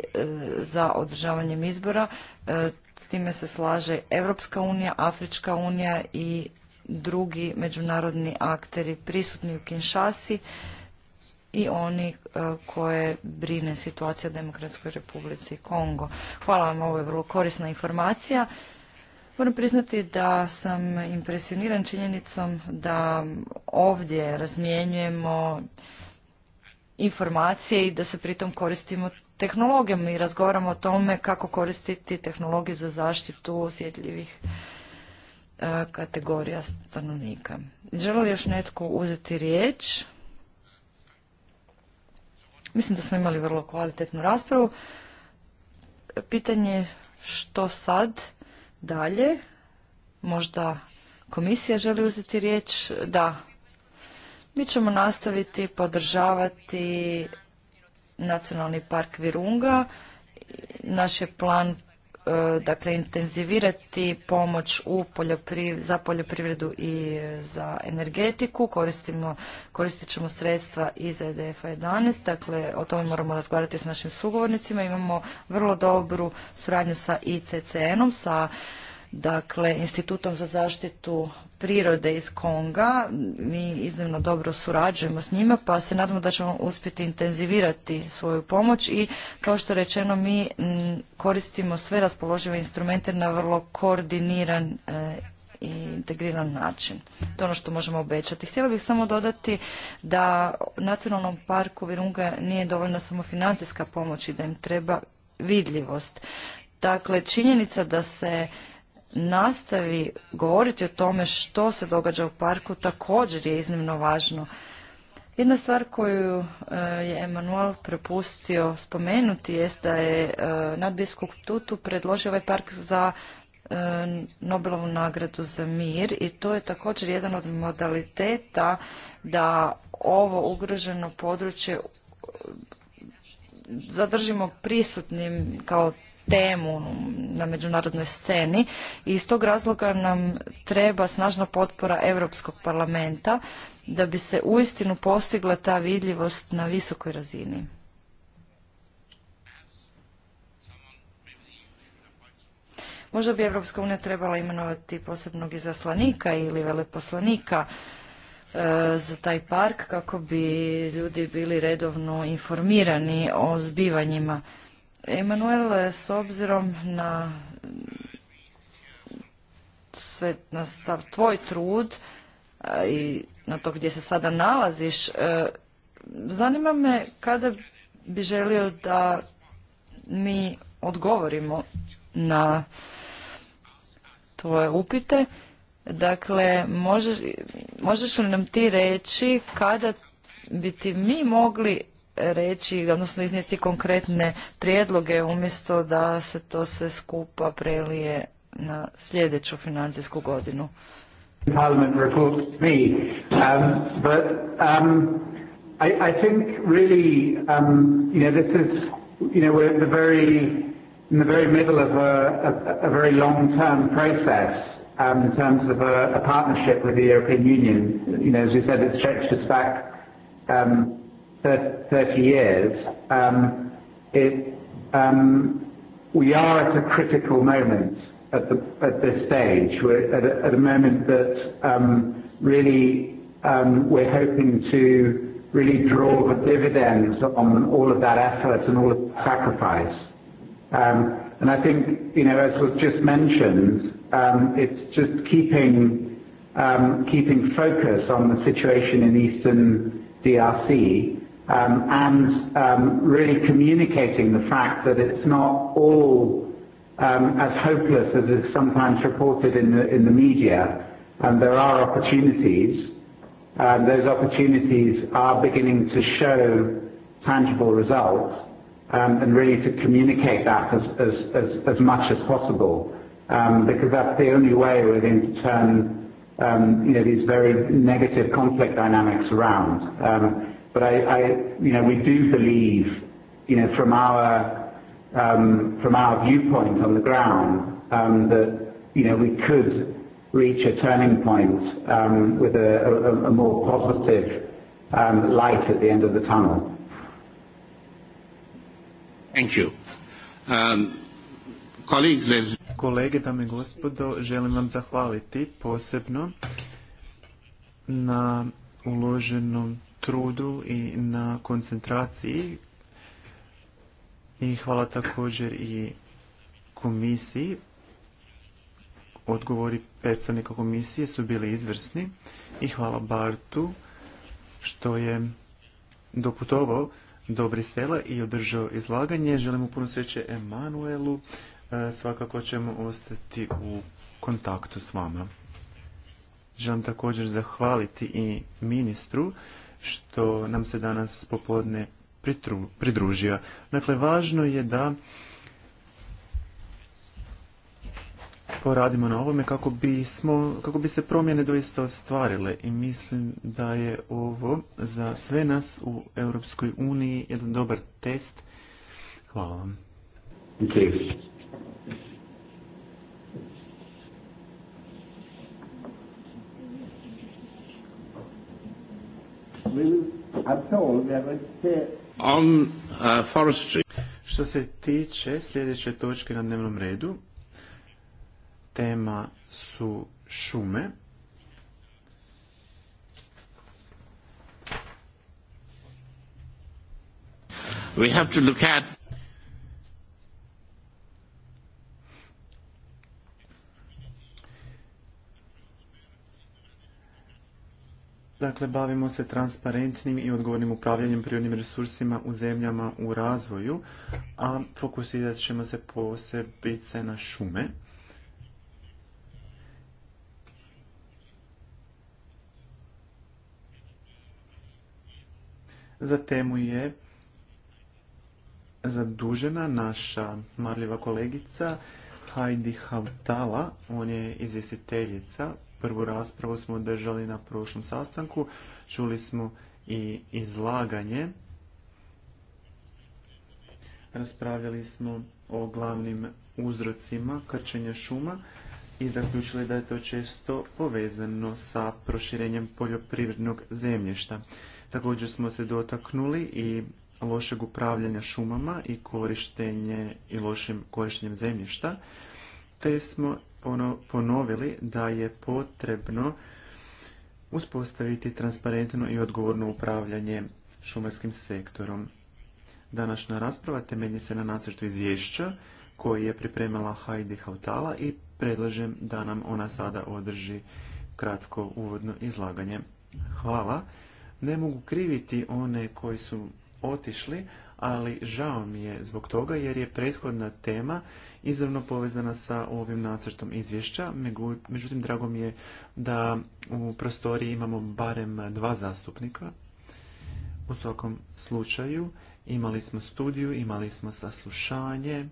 za održavanjem izbora. E, s time se slaže Europska unija, Afrička unija i drugi međunarodni akteri prisutni u Kinshasi i oni e, koje brine situacija u Demokratskoj Republici Kongo. Hvala vam, ovo je vrlo korisna informacija. Moram priznati da sam impresioniran činjenicom da ovdje razmjenjujemo informacije i da se pritom koristimo tehnologijom i razgovaramo o tome kako koristiti tehnologiju za zaštitu osjetljivih e, kategorija stanovnika. Želi li još netko uzeti riječ? Mislim da smo imali vrlo kvalitetnu raspravu. Pitanje što sad dalje? Možda komisija želi uzeti riječ? Da, mi ćemo nastaviti podržavati nacionalni park Virunga. Naš je plan e, dakle intenzivirati pomoć u za poljoprivredu i za energetiku. Koristimo, koristit ćemo sredstva iz e edf 11, dakle o tome moramo razgovarati s našim sugovornicima. Imamo vrlo dobru suradnju sa ICCN-om, sa dakle Institutom za zaštitu prirode iz Konga. Mi iznimno dobro surađujemo s njima pa se nadamo da ćemo uspjeti intenzivirati svoju pomoć i kao što rečeno mi koristimo sve raspoložive instrumente na vrlo koordiniran e, i integriran način. To je ono što možemo obećati. Htjela bih samo dodati da Nacionalnom parku Virunga nije dovoljna samo financijska pomoć i da im treba vidljivost. Dakle, činjenica da se nastavi govoriti o tome što se događa u parku također je iznimno važno. Jedna stvar koju e, je Emanuel prepustio spomenuti jest da je e, nadbiskup Tutu predložio ovaj park za e, Nobelovu nagradu za mir i to je također jedan od modaliteta da ovo ugroženo područje zadržimo prisutnim kao temu na međunarodnoj sceni i iz tog razloga nam treba snažna potpora Europskog parlamenta da bi se uistinu postigla ta vidljivost na visokoj razini. Možda bi Evropska unija trebala imenovati posebnog izaslanika ili veleposlanika e, za taj park kako bi ljudi bili redovno informirani o zbivanjima Emanuel, s obzirom na sve, sav tvoj trud e, i na to gdje se sada nalaziš, e, zanima me kada bi želio da mi odgovorimo na tvoje upite. Dakle, možeš, možeš li nam ti reći kada bi ti mi mogli reći, odnosno iznijeti konkretne prijedloge umjesto da se to sve skupa prelije na sljedeću financijsku godinu. Parliament report me. Um, but um, I, I think really, um, you know, this is, you know, we're the very, in the very middle of a, a, a very long-term process um, in terms of a, a partnership with the European Union. You know, as we said, it stretches back um, 30 years, um, it, um, we are at a critical moment at, the, at this stage. We're at a, at a moment that um, really um, we're hoping to really draw the dividends on all of that effort and all of the sacrifice. Um, and I think, you know, as was just mentioned, um, it's just keeping um, keeping focus on the situation in Eastern DRC Um, and um, really communicating the fact that it's not all um, as hopeless as is sometimes reported in the, in the media. and There are opportunities. and Those opportunities are beginning to show tangible results, and really to communicate that as much as possible, because that's the only way we're going to turn, you know, these very negative conflict dynamics around. I you know We do believe you know from our um, viewpoint on the ground, um, that you know we could reach a turning point um, with a more positive light at the end of the tunnel. Thank you. Kolege, dame i gospodo, želim vam zahvaliti posebno na uloženom trudu i na koncentraciji i hvala također i komisiji. Odgovori predstavnika komisije su bili izvrsni i hvala Bartu što je doputovao do Brisela i održao izlaganje. Želimo puno sreće Emanuelu. E, svakako ćemo ostati u kontaktu s vama. Želim također zahvaliti i ministru što nam se danas popodne pridružio. Dakle, važno je da poradimo na ovome kako, kako bi se promjene doista ostvarile i mislim da je ovo za sve nas u Europskoj uniji jedan dobar test. Hvala vam. Okay. On uh, forestry. Što se tiče sljedeće točke na dnevnom redu, tema su šume. We have to look at Dakle, bavimo se transparentnim i odgovornim upravljanjem prirodnim resursima u zemljama u razvoju, a fokusirat ćemo se posebice na šume. Za temu je zadužena naša marljiva kolegica Heidi Hautala, on je izvjestiteljica Prvu raspravu smo održali na prošlom sastanku. Čuli smo i izlaganje. Raspravljali smo o glavnim uzrocima krčenja šuma i zaključili da je to često povezano sa proširenjem poljoprivrednog zemljišta. Također smo se dotaknuli i lošeg upravljanja šumama i korištenje i lošim korištenjem zemljišta, te smo ponovili da je potrebno uspostaviti transparentno i odgovorno upravljanje šumarskim sektorom. Današnja rasprava temelji se na nacrtu izvješća koji je pripremila Heidi Hautala i predlažem da nam ona sada održi kratko uvodno izlaganje. Hvala. Ne mogu kriviti one koji su otišli, ali žao mi je zbog toga jer je prethodna tema izravno povezana sa ovim nacrtom izvješća. Međutim, drago mi je da u prostoriji imamo barem dva zastupnika. U svakom slučaju imali smo studiju, imali smo saslušanje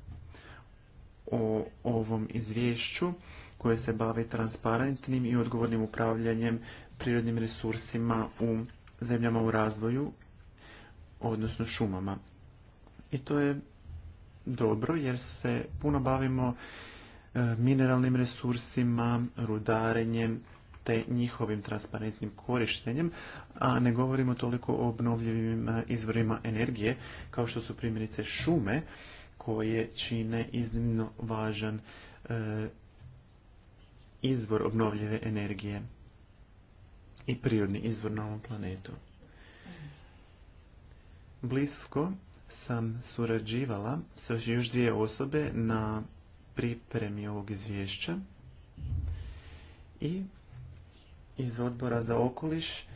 o ovom izvješću koje se bavi transparentnim i odgovornim upravljanjem prirodnim resursima u zemljama u razvoju, odnosno šumama. I to je dobro jer se puno bavimo e, mineralnim resursima, rudarenjem te njihovim transparentnim korištenjem, a ne govorimo toliko o obnovljivim e, izvorima energije kao što su primjerice šume koje čine iznimno važan e, izvor obnovljive energije i prirodni izvor na ovom planetu. Blisko sam surađivala sa još dvije osobe na pripremi ovog izvješća i iz odbora za okoliš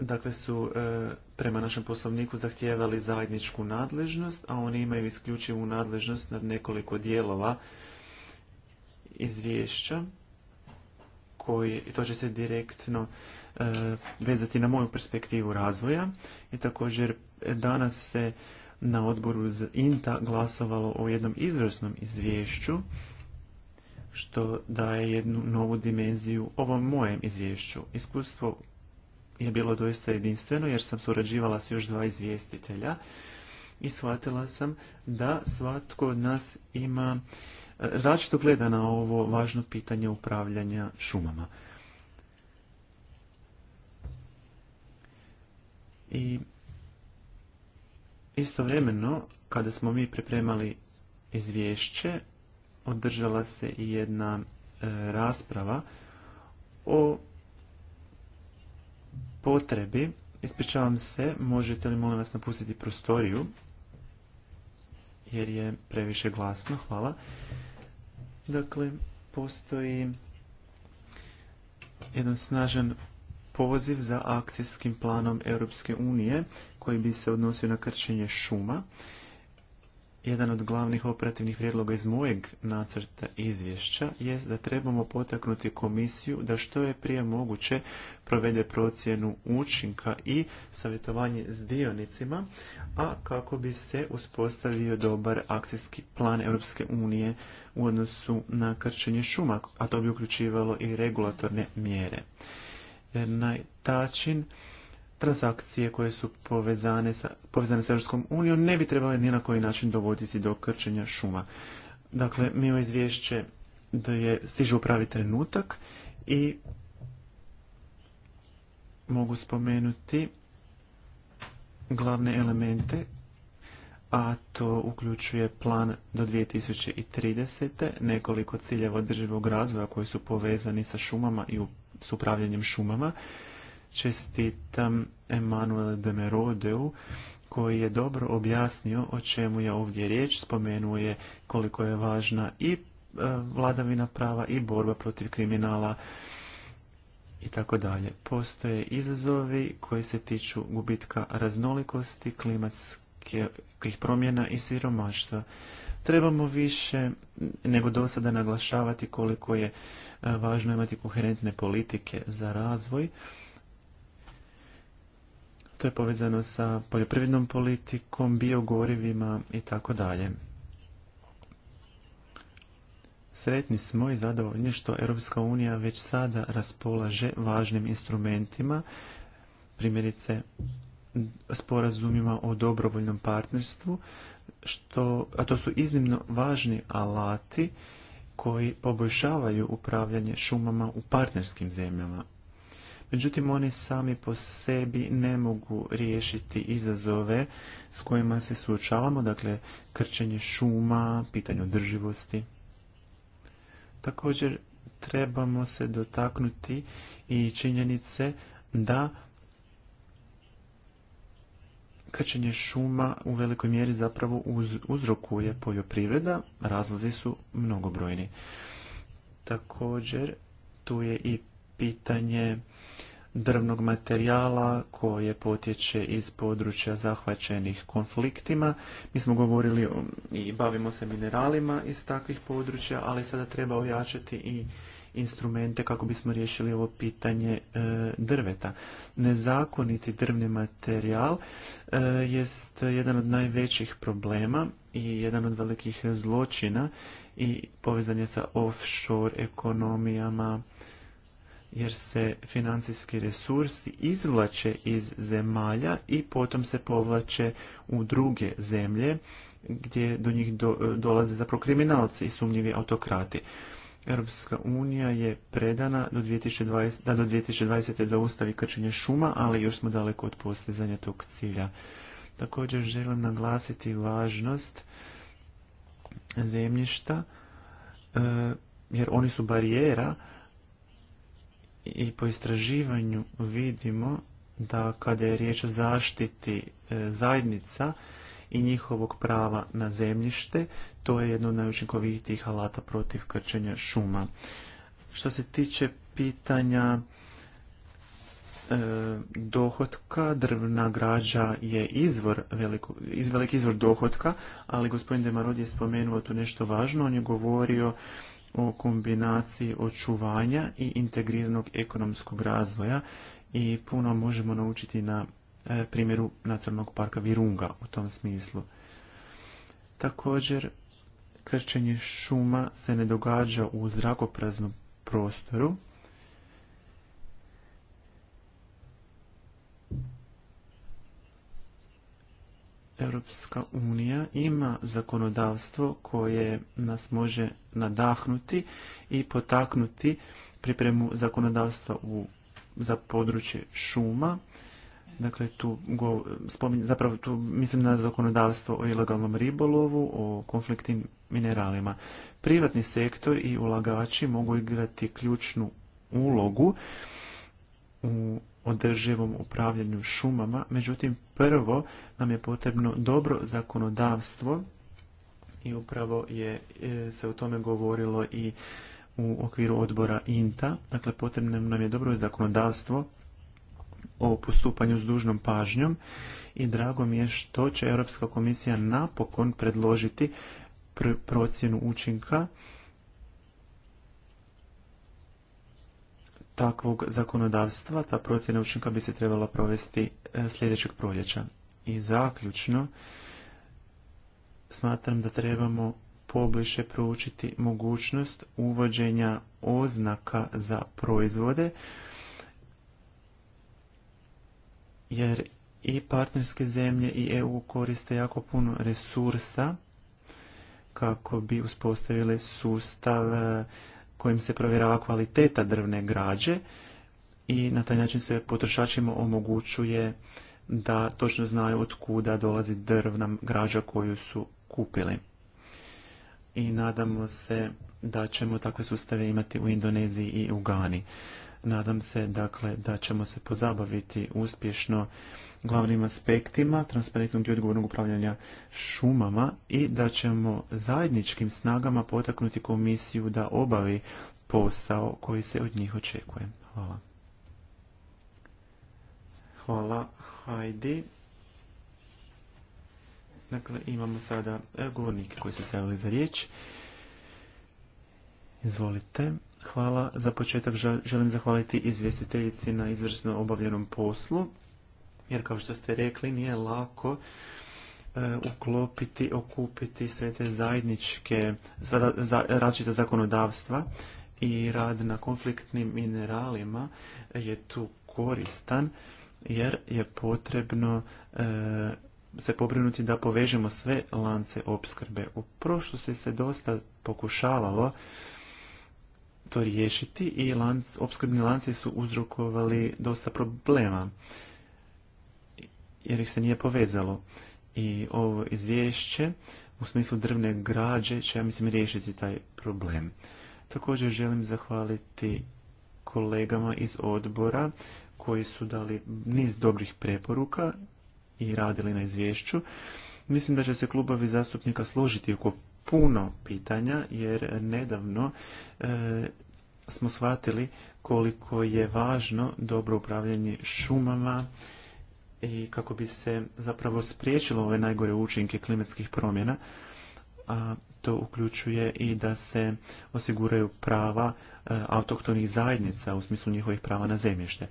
dakle su e, prema našem poslovniku zahtijevali zajedničku nadležnost, a oni imaju isključivu nadležnost nad nekoliko dijelova izvješća koji, i to će se direktno e, vezati na moju perspektivu razvoja i također danas se na odboru za INTA glasovalo o jednom izvrsnom izvješću što daje jednu novu dimenziju ovom mojem izvješću. Iskustvo je bilo doista jedinstveno jer sam surađivala s još dva izvjestitelja i shvatila sam da svatko od nas ima e, različito gleda na ovo važno pitanje upravljanja šumama. I istovremeno, kada smo mi pripremali izvješće, održala se i jedna e, rasprava o potrebi, ispričavam se, možete li molim vas napustiti prostoriju, jer je previše glasno. Hvala. Dakle, postoji jedan snažan poziv za akcijskim planom Europske unije koji bi se odnosio na krčenje šuma jedan od glavnih operativnih prijedloga iz mojeg nacrta izvješća jest da trebamo potaknuti komisiju da što je prije moguće provede procjenu učinka i savjetovanje s dionicima, a kako bi se uspostavio dobar akcijski plan Europske unije u odnosu na krčenje šuma, a to bi uključivalo i regulatorne mjere. na tačin transakcije koje su povezane sa, povezane unijom ne bi trebale ni na koji način dovoditi do krčenja šuma. Dakle, mi ovo izvješće da je stiže u pravi trenutak i mogu spomenuti glavne elemente, a to uključuje plan do 2030. nekoliko ciljeva održivog razvoja koji su povezani sa šumama i s upravljanjem šumama, čestitam Emanuele Merodeu koji je dobro objasnio o čemu je ovdje riječ, spomenuo je koliko je važna i e, vladavina prava i borba protiv kriminala i tako dalje. Postoje izazovi koji se tiču gubitka raznolikosti, klimatskih promjena i siromaštva. Trebamo više nego do sada naglašavati koliko je e, važno imati koherentne politike za razvoj to je povezano sa poljoprivrednom politikom, biogorivima i tako dalje. Sretni smo i zadovoljni što Europska unija već sada raspolaže važnim instrumentima, primjerice sporazumima o dobrovoljnom partnerstvu, što, a to su iznimno važni alati koji poboljšavaju upravljanje šumama u partnerskim zemljama. Međutim, oni sami po sebi ne mogu riješiti izazove s kojima se suočavamo, dakle krčenje šuma, pitanje održivosti. Također trebamo se dotaknuti i činjenice da krčenje šuma u velikoj mjeri zapravo uzrokuje poljoprivreda, razlozi su mnogobrojni. Također, tu je i pitanje drvnog materijala koje potječe iz područja zahvaćenih konfliktima. Mi smo govorili i bavimo se mineralima iz takvih područja, ali sada treba ojačati i instrumente kako bismo riješili ovo pitanje e, drveta. Nezakoniti drvni materijal e, jest jedan od najvećih problema i jedan od velikih zločina i povezan je sa offshore ekonomijama, jer se financijski resursi izvlače iz zemalja i potom se povlače u druge zemlje gdje do njih e, dolaze zapravo kriminalci i sumnjivi autokrati. Europska unija je predana do 2020, da do 2020. zaustavi krčenje šuma, ali još smo daleko od postizanja tog cilja. Također želim naglasiti važnost zemljišta, e, jer oni su barijera i po istraživanju vidimo da kada je riječ o zaštiti e, zajednica i njihovog prava na zemljište, to je jedno od najučinkovitijih alata protiv krčenja šuma. Što se tiče pitanja e, dohotka, drvna građa je izvor, velik izvor dohotka, ali gospodin Demarod je spomenuo tu nešto važno, on je govorio o kombinaciji očuvanja i integriranog ekonomskog razvoja i puno možemo naučiti na e, primjeru Nacionalnog parka Virunga u tom smislu. Također, krčenje šuma se ne događa u zrakopraznom prostoru, Europska unija ima zakonodavstvo koje nas može nadahnuti i potaknuti pripremu zakonodavstva u, za područje šuma. Dakle, tu go, zapravo tu mislim na zakonodavstvo o ilegalnom ribolovu, o konfliktnim mineralima. Privatni sektor i ulagači mogu igrati ključnu ulogu u održivom upravljanju šumama, međutim prvo nam je potrebno dobro zakonodavstvo i upravo je e, se o tome govorilo i u okviru odbora INTA, dakle potrebno nam je dobro zakonodavstvo o postupanju s dužnom pažnjom i drago mi je što će Europska komisija napokon predložiti procjenu učinka takvog zakonodavstva, ta procjena učinka bi se trebala provesti e, sljedećeg proljeća. I zaključno, smatram da trebamo pobliše proučiti mogućnost uvođenja oznaka za proizvode, jer i partnerske zemlje i EU koriste jako puno resursa kako bi uspostavile sustav e, kojim se provjerava kvaliteta drvne građe i na taj način se potrošačima omogućuje da točno znaju od kuda dolazi drvna građa koju su kupili. I nadamo se da ćemo takve sustave imati u Indoneziji i u Gani. Nadam se dakle da ćemo se pozabaviti uspješno glavnim aspektima transparentnog i odgovornog upravljanja šumama i da ćemo zajedničkim snagama potaknuti komisiju da obavi posao koji se od njih očekuje. Hvala. Hvala Hajdi. Dakle, imamo sada e, govornike koji su se javili za riječ. Izvolite. Hvala. Za početak želim zahvaliti izvjestiteljici na izvrsno obavljenom poslu jer kao što ste rekli nije lako e, uklopiti, okupiti sve te zajedničke za, zakonodavstva i rad na konfliktnim mineralima je tu koristan jer je potrebno e, se pobrinuti da povežemo sve lance opskrbe. U prošlosti se dosta pokušavalo to riješiti i lanc, opskrbni lanci su uzrokovali dosta problema jer ih se nije povezalo. I ovo izvješće u smislu drvne građe će, ja mislim, riješiti taj problem. Također želim zahvaliti kolegama iz odbora koji su dali niz dobrih preporuka i radili na izvješću. Mislim da će se klubovi zastupnika složiti oko puno pitanja jer nedavno e, smo shvatili koliko je važno dobro upravljanje šumama, i kako bi se zapravo spriječilo ove najgore učinke klimatskih promjena, a to uključuje i da se osiguraju prava e, autohtonih zajednica u smislu njihovih prava na zemljište.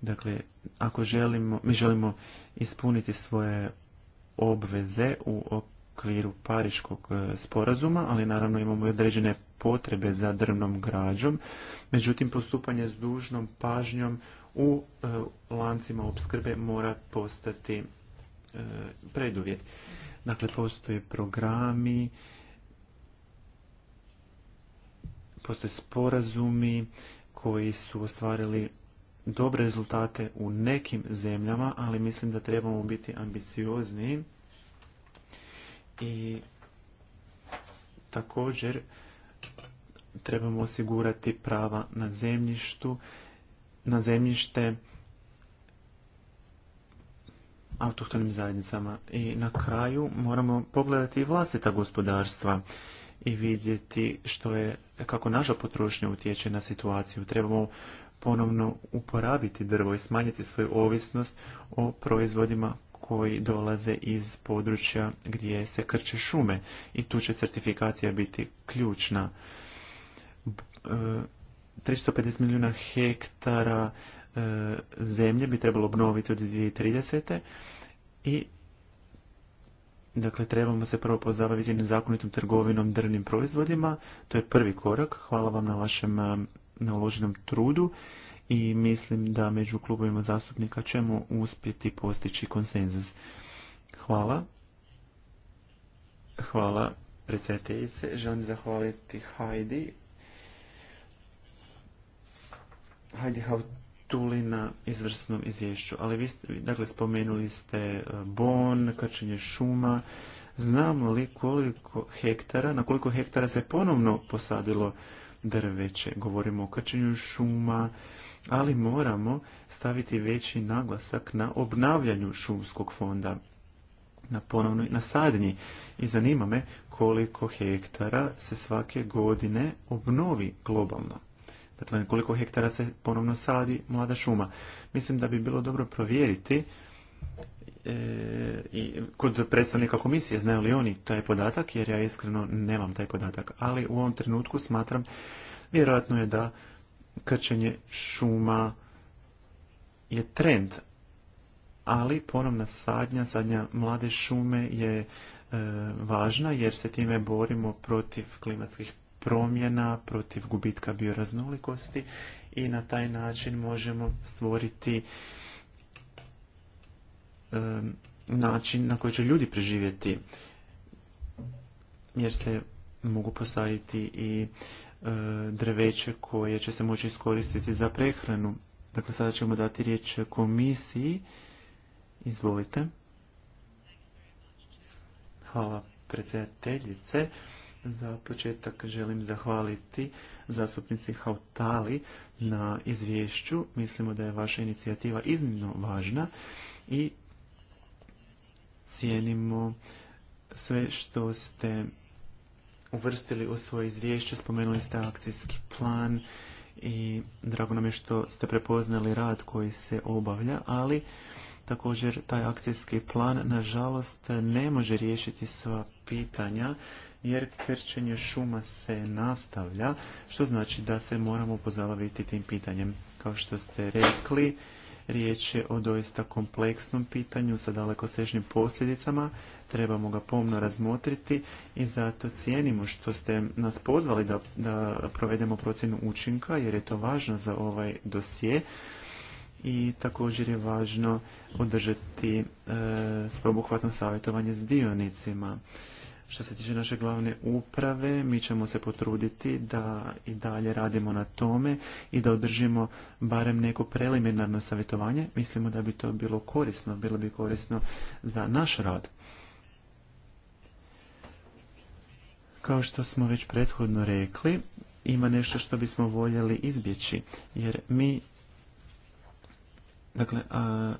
Dakle, ako želimo, mi želimo ispuniti svoje obveze u okviru Pariškog e, sporazuma, ali naravno imamo i određene potrebe za drvnom građom. Međutim, postupanje s dužnom pažnjom u e, lancima opskrbe mora postati e, preduvjet. Dakle, postoje programi, postoje sporazumi koji su ostvarili dobre rezultate u nekim zemljama, ali mislim da trebamo biti ambiciozni i također trebamo osigurati prava na zemljištu na zemljište autohtonim zajednicama. I na kraju moramo pogledati i vlastita gospodarstva i vidjeti što je, kako naša potrošnja utječe na situaciju. Trebamo ponovno uporabiti drvo i smanjiti svoju ovisnost o proizvodima koji dolaze iz područja gdje se krče šume i tu će certifikacija biti ključna. E, 350 milijuna hektara e, zemlje bi trebalo obnoviti od 2030. I Dakle, trebamo se prvo pozabaviti nezakonitom trgovinom drvnim proizvodima. To je prvi korak. Hvala vam na vašem e, naloženom trudu i mislim da među klubovima zastupnika ćemo uspjeti postići konsenzus. Hvala. Hvala predsjedateljice. Želim zahvaliti Heidi Hajde tuli na izvrsnom izvješću, ali vi ste, dakle, spomenuli ste e, bon, kačenje šuma. Znamo li koliko hektara, na koliko hektara se ponovno posadilo drveće? Govorimo o kačenju šuma, ali moramo staviti veći naglasak na obnavljanju šumskog fonda na ponovnoj nasadnji i zanima me koliko hektara se svake godine obnovi globalno dakle koliko hektara se ponovno sadi mlada šuma. Mislim da bi bilo dobro provjeriti e, i kod predstavnika komisije znaju li oni taj podatak, jer ja iskreno nemam taj podatak, ali u ovom trenutku smatram vjerojatno je da krčenje šuma je trend, ali ponovna sadnja, sadnja mlade šume je e, važna jer se time borimo protiv klimatskih promjena, protiv gubitka bioraznolikosti i na taj način možemo stvoriti način na koji će ljudi preživjeti jer se mogu posaditi i e, dreveće drveće koje će se moći iskoristiti za prehranu. Dakle, sada ćemo dati riječ komisiji. Izvolite. Hvala predsjedateljice. Za početak želim zahvaliti zastupnici Hautali na izvješću. Mislimo da je vaša inicijativa iznimno važna i cijenimo sve što ste uvrstili u svoje izvješće. Spomenuli ste akcijski plan i drago nam je što ste prepoznali rad koji se obavlja, ali također taj akcijski plan nažalost ne može riješiti sva pitanja jer krčenje šuma se nastavlja, što znači da se moramo pozabaviti tim pitanjem. Kao što ste rekli, riječ je o doista kompleksnom pitanju sa dalekosežnim posljedicama, trebamo ga pomno razmotriti i zato cijenimo što ste nas pozvali da, da provedemo procjenu učinka jer je to važno za ovaj dosje i također je važno održati e, sveobuhvatno savjetovanje s dionicima. Što se tiče naše glavne uprave, mi ćemo se potruditi da i dalje radimo na tome i da održimo barem neko preliminarno savjetovanje. Mislimo da bi to bilo korisno, bilo bi korisno za naš rad. Kao što smo već prethodno rekli, ima nešto što bismo voljeli izbjeći, jer mi, dakle, a,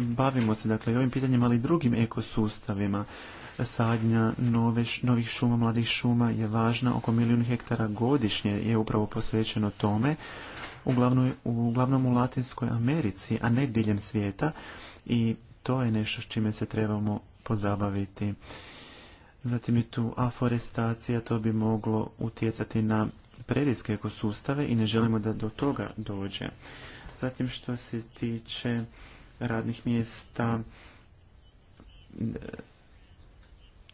bavimo se dakle i ovim pitanjem, ali i drugim ekosustavima. Sadnja nove, novih šuma, mladih šuma je važna, oko milijun hektara godišnje je upravo posvećeno tome, uglavnom, uglavnom u Latinskoj Americi, a ne diljem svijeta i to je nešto s čime se trebamo pozabaviti. Zatim je tu aforestacija, to bi moglo utjecati na predijske ekosustave i ne želimo da do toga dođe. Zatim što se tiče radnih mjesta.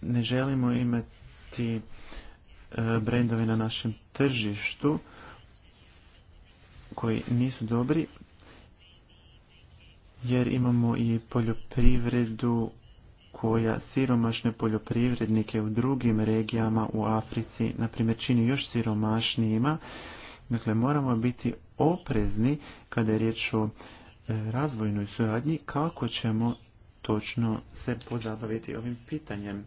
Ne želimo imati e, brendove na našem tržištu koji nisu dobri jer imamo i poljoprivredu koja siromašne poljoprivrednike u drugim regijama u Africi, na primjer, čini još siromašnijima. Dakle, moramo biti oprezni kada je riječ o E, razvojnoj suradnji kako ćemo točno se pozabaviti ovim pitanjem.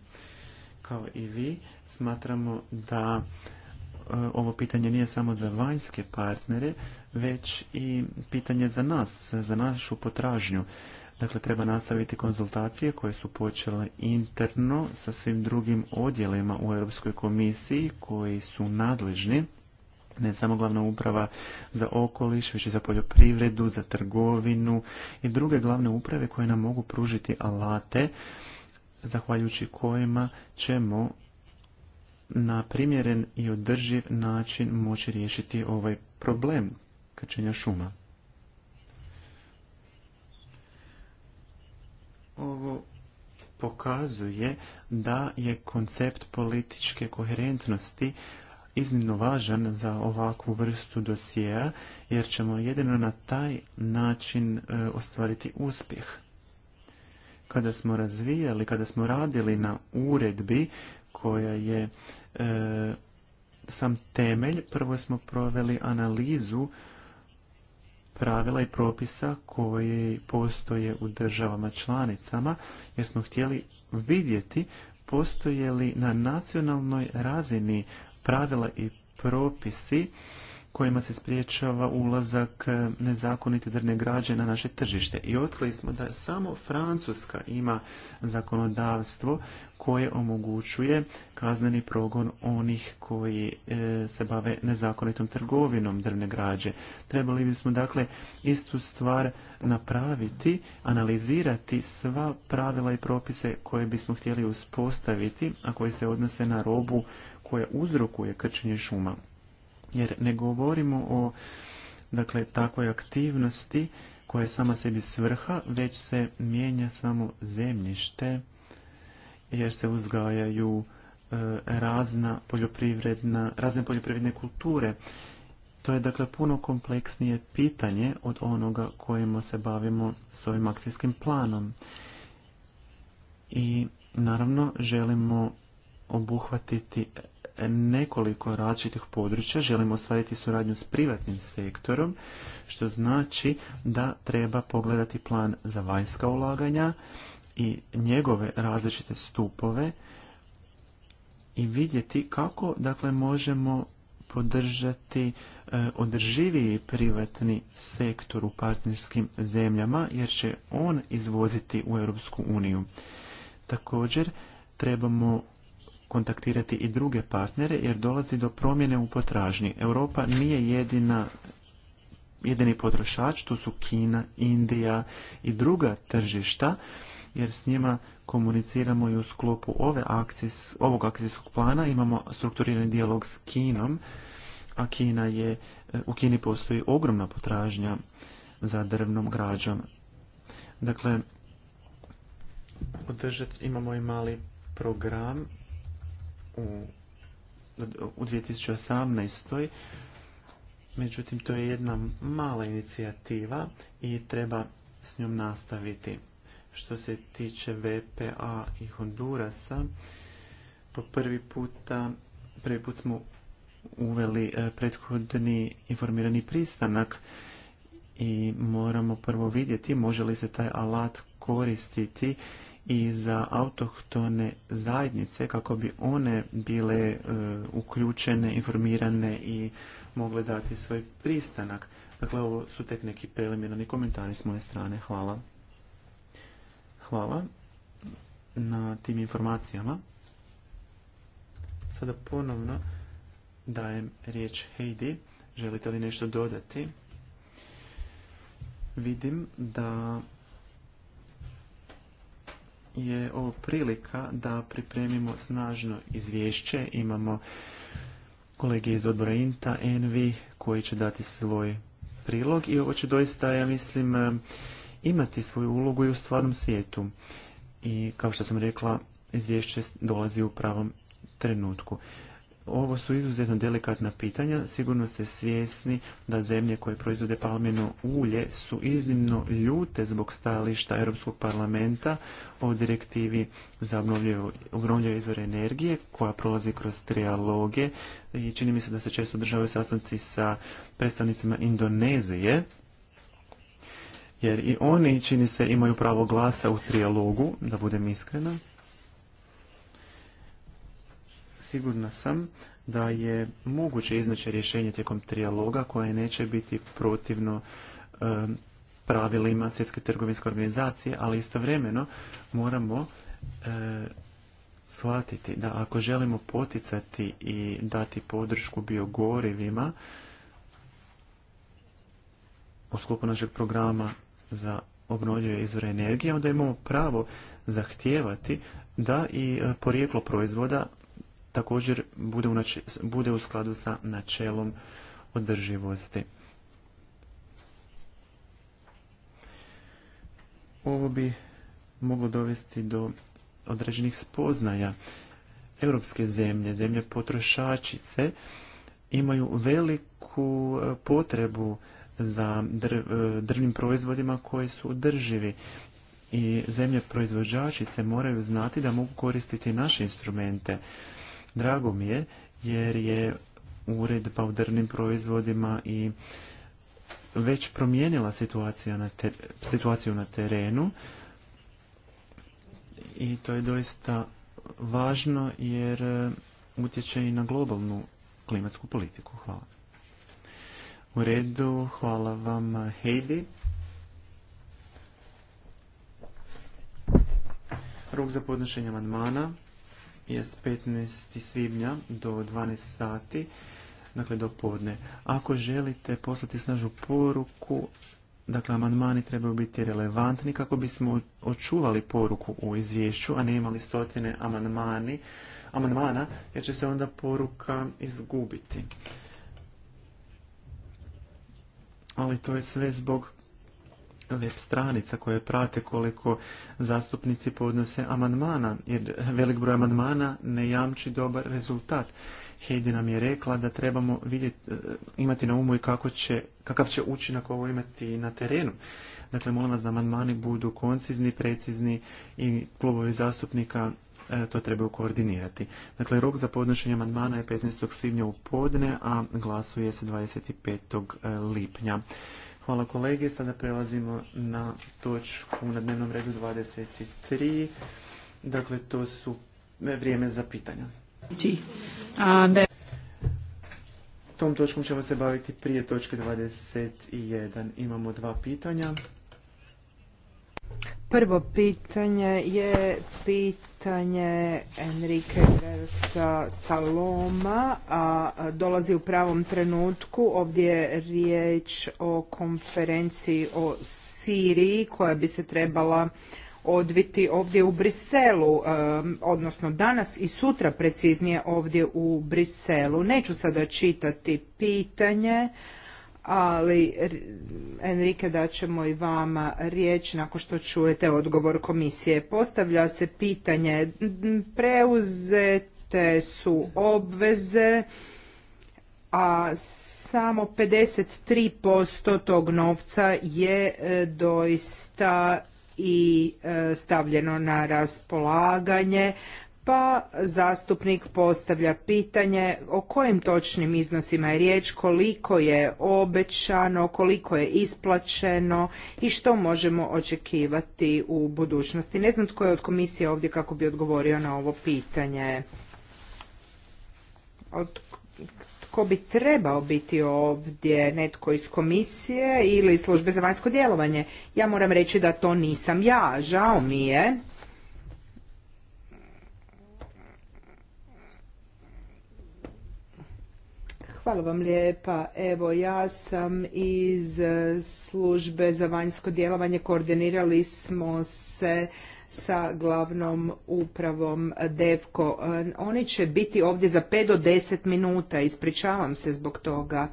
Kao i vi, smatramo da e, ovo pitanje nije samo za vanjske partnere, već i pitanje za nas, za našu potražnju. Dakle, treba nastaviti konzultacije koje su počele interno sa svim drugim odjelima u Europskoj komisiji koji su nadležni ne samo glavna uprava za okoliš, već i za poljoprivredu, za trgovinu i druge glavne uprave koje nam mogu pružiti alate zahvaljujući kojima ćemo na primjeren i održiv način moći riješiti ovaj problem krčenja šuma. Ovo pokazuje da je koncept političke koherentnosti iznimno važan za ovakvu vrstu dosijeja jer ćemo jedino na taj način e, ostvariti uspjeh. Kada smo razvijali, kada smo radili na uredbi koja je e, sam temelj, prvo smo proveli analizu pravila i propisa koji postoje u državama članicama jer smo htjeli vidjeti postoje li na nacionalnoj razini pravila i propisi kojima se spriječava ulazak nezakonite drvne građe na naše tržište. I otkrili smo da samo Francuska ima zakonodavstvo koje omogućuje kazneni progon onih koji e, se bave nezakonitom trgovinom drvne građe. Trebali bismo dakle istu stvar napraviti, analizirati sva pravila i propise koje bismo htjeli uspostaviti, a koji se odnose na robu koje uzrokuje krčenje šuma. Jer ne govorimo o dakle, takvoj aktivnosti koja je sama sebi svrha, već se mijenja samo zemljište jer se uzgajaju e, razna poljoprivredna, razne poljoprivredne kulture. To je dakle puno kompleksnije pitanje od onoga kojima se bavimo s ovim akcijskim planom. I naravno želimo obuhvatiti nekoliko različitih područja, želimo ostvariti suradnju s privatnim sektorom, što znači da treba pogledati plan za vanjska ulaganja i njegove različite stupove i vidjeti kako dakle možemo podržati e, održiviji privatni sektor u partnerskim zemljama jer će on izvoziti u Europsku uniju. Također trebamo kontaktirati i druge partnere jer dolazi do promjene u potražnji. Europa nije jedina jedini potrošač, tu su Kina, Indija i druga tržišta, jer s njima komuniciramo i u sklopu ove akcijs, ovog akcijskog plana, imamo strukturirani dijalog s Kinom, a Kina je, u Kini postoji ogromna potražnja za drvnom građom. Dakle, imamo i mali program u, u 2018. Međutim, to je jedna mala inicijativa i treba s njom nastaviti. Što se tiče VPA i Hondurasa, po prvi puta, prvi put smo uveli e, prethodni informirani pristanak i moramo prvo vidjeti može li se taj alat koristiti i za autohtone zajednice kako bi one bile e, uključene, informirane i mogle dati svoj pristanak. Dakle, ovo su tek neki preliminarni komentari s moje strane. Hvala. Hvala na tim informacijama. Sada ponovno dajem riječ Heidi. Želite li nešto dodati? Vidim da je ovo prilika da pripremimo snažno izvješće. Imamo kolege iz odbora INTA, ENVI, koji će dati svoj prilog i ovo će doista, ja mislim, imati svoju ulogu i u stvarnom svijetu. I kao što sam rekla, izvješće dolazi u pravom trenutku. Ovo su izuzetno delikatna pitanja. Sigurno ste svjesni da zemlje koje proizvode palmino ulje su iznimno ljute zbog stajališta Europskog parlamenta o direktivi za obnovljive izvore energije koja prolazi kroz trialoge i čini mi se da se često održavaju sastanci sa predstavnicima Indonezije jer i oni čini se imaju pravo glasa u trialogu, da budem iskrena. Sigurna sam da je moguće iznaći rješenje tijekom trijaloga koje neće biti protivno e, pravilima Svjetske trgovinske organizacije, ali istovremeno moramo e, shvatiti da ako želimo poticati i dati podršku biogorivima u sklopu našeg programa za obnovljive izvore energije, onda imamo pravo zahtijevati da i e, porijeklo proizvoda također bude u, bude u skladu sa načelom održivosti. Ovo bi moglo dovesti do određenih spoznaja. Europske zemlje, zemlje potrošačice, imaju veliku e, potrebu za e, drvnim proizvodima koji su održivi. I zemlje proizvođačice moraju znati da mogu koristiti naše instrumente Drago mi je jer je uredba pa u drvnim proizvodima i već promijenila situacija na situaciju na terenu i to je doista važno jer eh, utječe i na globalnu klimatsku politiku. Hvala. U redu, hvala vam Heidi. Rok za podnošenje amandmana jest 15. svibnja do 12 sati, dakle do podne. Ako želite poslati snažu poruku, dakle amandmani trebaju biti relevantni kako bismo očuvali poruku u izvješću, a ne imali stotine amandmani, amandmana, jer će se onda poruka izgubiti. Ali to je sve zbog web stranica koje prate koliko zastupnici podnose amandmana, jer velik broj amandmana ne jamči dobar rezultat. Heidi nam je rekla da trebamo vidjeti, e, imati na umu i kako će, kakav će učinak ovo imati na terenu. Dakle, molim vas da amandmani budu koncizni, precizni i klubovi zastupnika e, to trebaju koordinirati. Dakle, rok za podnošenje amandmana je 15. svibnja u podne, a glasuje se 25. lipnja. Hvala kolege. Sada prelazimo na točku na dnevnom redu 23. Dakle, to su e, vrijeme za pitanja. Tom točkom ćemo se baviti prije točke 21. Imamo dva pitanja. Prvo pitanje je pitanje pitanje Enrique Saloma a, dolazi u pravom trenutku. Ovdje je riječ o konferenciji o Siriji koja bi se trebala odviti ovdje u Briselu, odnosno danas i sutra preciznije ovdje u Briselu. Neću sada čitati pitanje ali Enrike daćemo i vama riječ nakon što čujete odgovor komisije. Postavlja se pitanje, preuzete su obveze, a samo 53% tog novca je e, doista i e, stavljeno na raspolaganje pa zastupnik postavlja pitanje o kojim točnim iznosima je riječ, koliko je obećano, koliko je isplaćeno i što možemo očekivati u budućnosti. Ne znam tko je od komisije ovdje kako bi odgovorio na ovo pitanje. Od tko bi trebao biti ovdje, netko iz komisije ili službe za vanjsko djelovanje. Ja moram reći da to nisam ja, žao mi je. Hvala vam lijepa. Evo, ja sam iz e, službe za vanjsko djelovanje. Koordinirali smo se sa glavnom upravom Devko. E, oni će biti ovdje za 5 do 10 minuta. Ispričavam se zbog toga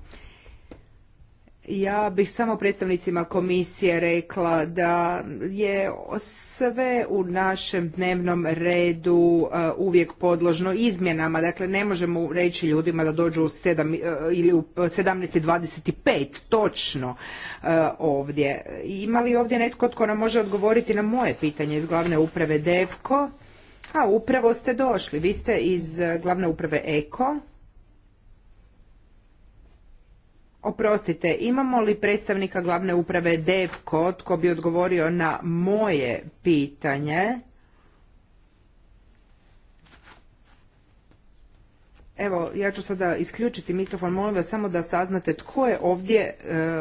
ja bih samo predstavnicima komisije rekla da je sve u našem dnevnom redu uh, uvijek podložno izmjenama. Dakle, ne možemo reći ljudima da dođu u 7 uh, ili u 17.25 točno uh, ovdje. Ima li ovdje netko tko nam može odgovoriti na moje pitanje iz glavne uprave DEVKO? A, upravo ste došli. Vi ste iz glavne uprave EKO. Oprostite, imamo li predstavnika glavne uprave DEVKO tko bi odgovorio na moje pitanje? Evo, ja ću sada isključiti mikrofon, molim vas samo da saznate tko je ovdje e,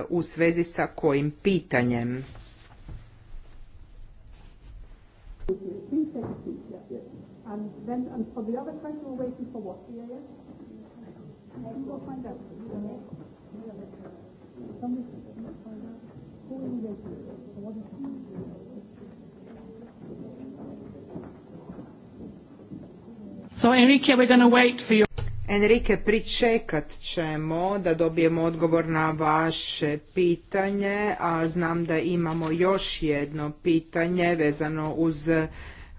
u svezi sa kojim pitanjem. So Enrique, we're to wait for you. Enrique, pričekat ćemo da dobijemo odgovor na vaše pitanje, a znam da imamo još jedno pitanje vezano uz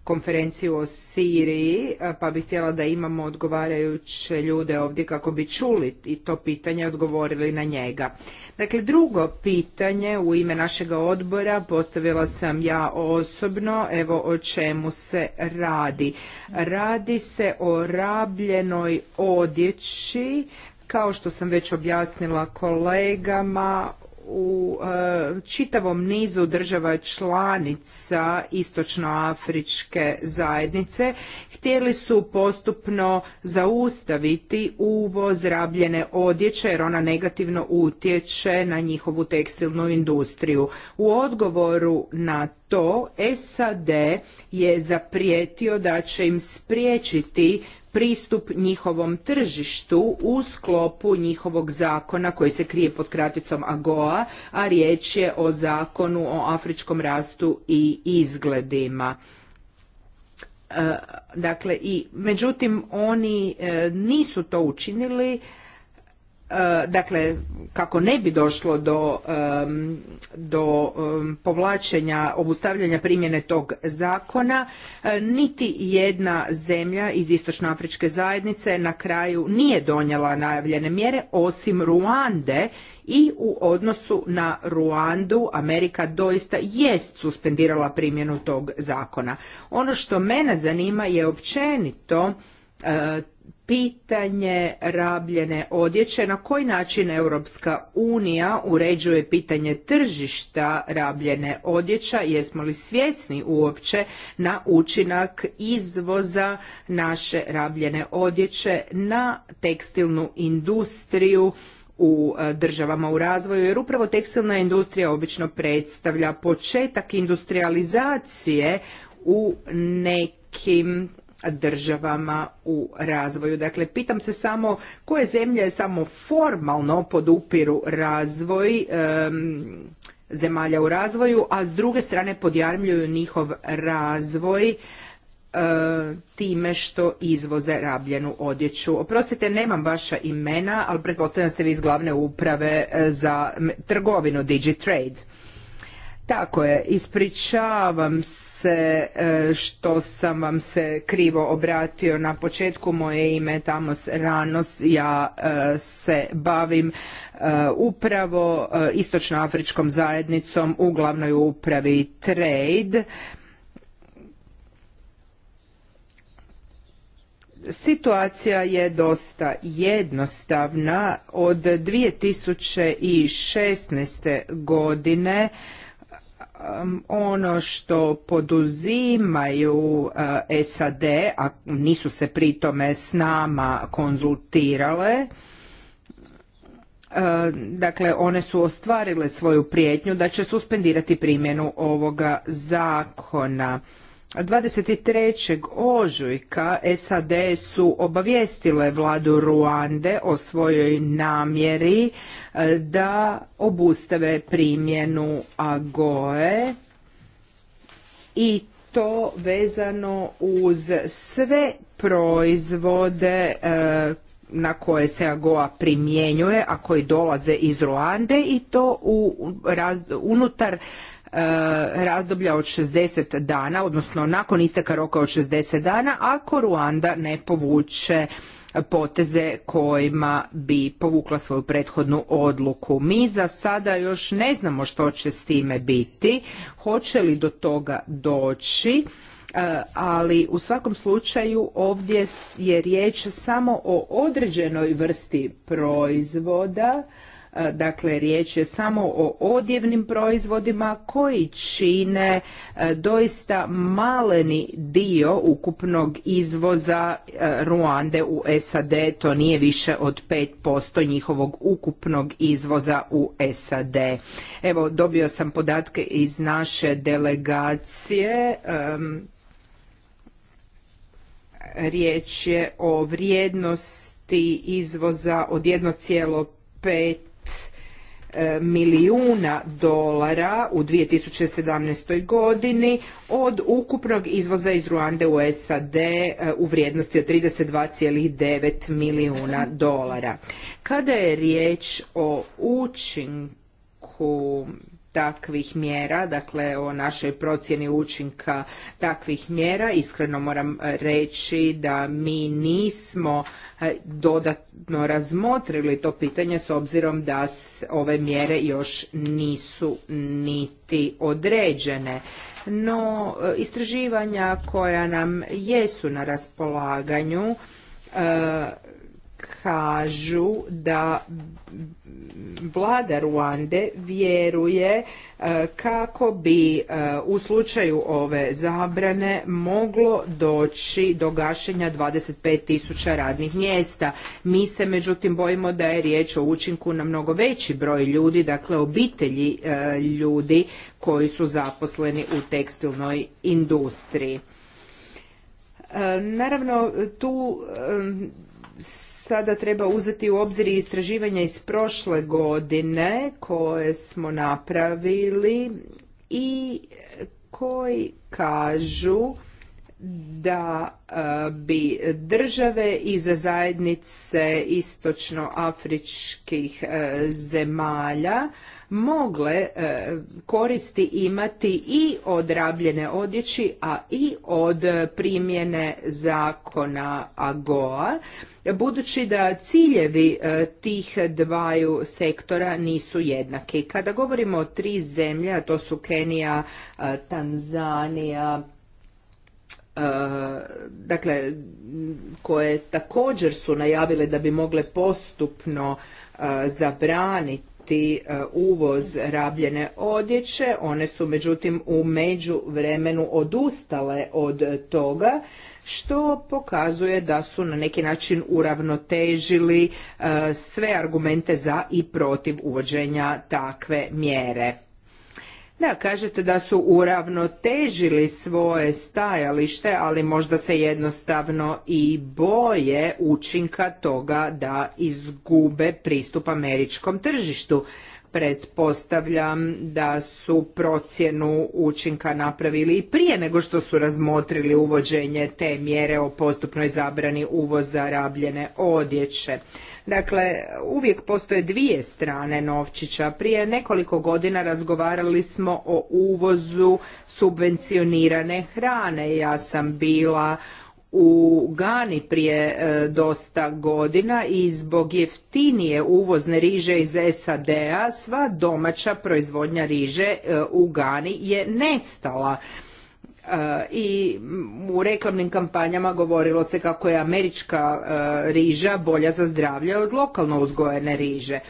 konferenciju o Siriji, pa bih htjela da imamo odgovarajuće ljude ovdje kako bi čuli i to pitanje odgovorili na njega. Dakle, drugo pitanje u ime našeg odbora postavila sam ja osobno, evo o čemu se radi. Radi se o rabljenoj odjeći kao što sam već objasnila kolegama u e, čitavom nizu država članica istočnoafričke zajednice htjeli su postupno zaustaviti uvoz rabljene odjeće jer ona negativno utječe na njihovu tekstilnu industriju. U odgovoru na to SAD je zaprijetio da će im spriječiti pristup njihovom tržištu u sklopu njihovog zakona koji se krije pod kraticom AGOA, a riječ je o zakonu o afričkom rastu i izgledima. E, dakle, i međutim, oni e, nisu to učinili E, dakle kako ne bi došlo do, do povlačenja obustavljanja primjene tog zakona e, niti jedna zemlja iz istočnoafričke zajednice na kraju nije donijela najavljene mjere osim Ruande i u odnosu na Ruandu Amerika doista jest suspendirala primjenu tog zakona ono što mene zanima je općenito e, pitanje rabljene odjeće, na koji način Europska unija uređuje pitanje tržišta rabljene odjeća, jesmo li svjesni uopće na učinak izvoza naše rabljene odjeće na tekstilnu industriju u e, državama u razvoju, jer upravo tekstilna industrija obično predstavlja početak industrializacije u nekim državama u razvoju. Dakle, pitam se samo koje zemlje samo formalno podupiru razvoj zemalja u razvoju, a s druge strane podjarmljuju njihov razvoj time što izvoze rabljenu odjeću. Oprostite, nemam vaša imena, ali pretpostavljam ste vi iz glavne uprave eh, za trgovinu Digitrade. Tako je, ispričavam se e, što sam vam se krivo obratio na početku, moje ime je Tamos Ranos, ja e, se bavim e, upravo istočnoafričkom zajednicom u glavnoj upravi Trade. Situacija je dosta jednostavna. Od 2016. godine ono što poduzimaju eh, SAD, a nisu se pritome s nama konzultirale, eh, dakle one su ostvarile svoju prijetnju da će suspendirati primjenu ovoga zakona. 23. ožujka SAD su obavijestile vladu Ruande o svojoj namjeri e, da obustave primjenu AGOE i to vezano uz sve proizvode e, na koje se AGOA primjenjuje, a koji dolaze iz Ruande i to unutar E, razdoblja od 60 dana, odnosno nakon isteka roka od 60 dana, ako Ruanda ne povuče poteze kojima bi povukla svoju prethodnu odluku. Mi za sada još ne znamo što će s time biti, hoće li do toga doći, e, ali u svakom slučaju ovdje je riječ samo o određenoj vrsti proizvoda E, dakle, riječ je samo o odjevnim proizvodima koji čine e, doista maleni dio ukupnog izvoza e, Ruande u SAD. To nije više od 5% njihovog ukupnog izvoza u SAD. Evo, dobio sam podatke iz naše delegacije riječ je o vrijednosti izvoza od 1,5 E, milijuna dolara u 2017. godini od ukupnog izvoza iz Ruande u SAD e, u vrijednosti od 32,9 milijuna dolara. Kada je riječ o učinku takvih mjera, dakle o našoj procjeni učinka takvih mjera. Iskreno moram e, reći da mi nismo e, dodatno razmotrili to pitanje s obzirom da ove mjere još nisu niti određene. No, e, istraživanja koja nam jesu na raspolaganju kažu da vlada Ruande vjeruje e, kako bi e, u slučaju ove zabrane moglo doći do gašenja 25.000 tisuća radnih mjesta. Mi se međutim bojimo da je riječ o učinku na mnogo veći broj ljudi, dakle obitelji e, ljudi koji su zaposleni u tekstilnoj industriji. Naravno tu sada treba uzeti u obzir istraživanja iz prošle godine koje smo napravili i koji kažu da e, bi države za zajednice istočnoafričkih e, zemalja mogle e, koristi imati i od rabljene odjeći, a i od primjene zakona AGOA, budući da ciljevi e, tih dvaju sektora nisu jednaki. Kada govorimo o tri zemlje, a to su Kenija, e, Tanzanija, dakle koje također su najavile da bi mogle postupno zabraniti ti e, uvoz rabljene odjeće. One su međutim u međuvremenu odustale od toga što pokazuje da su na neki način uravnotežili e, sve argumente za i protiv uvođenja takve mjere. Da, kažete da su uravnotežili svoje stajalište, ali možda se jednostavno i boje učinka toga da izgube pristup američkom tržištu pretpostavljam da su procjenu učinka napravili i prije nego što su razmotrili uvođenje te mjere o postupnoj zabrani uvoza rabljene odjeće. Dakle, uvijek postoje dvije strane novčića. Prije nekoliko godina razgovarali smo o uvozu subvencionirane hrane. Ja sam bila u Gani prije e, dosta godina i zbog jeftinije uvozne riže iz SAD-a sva domaća proizvodnja riže e, u Gani je nestala. E, I u reklamnim kampanjama govorilo se kako je američka riža bolja za zdravlje od lokalno uzgojene riže.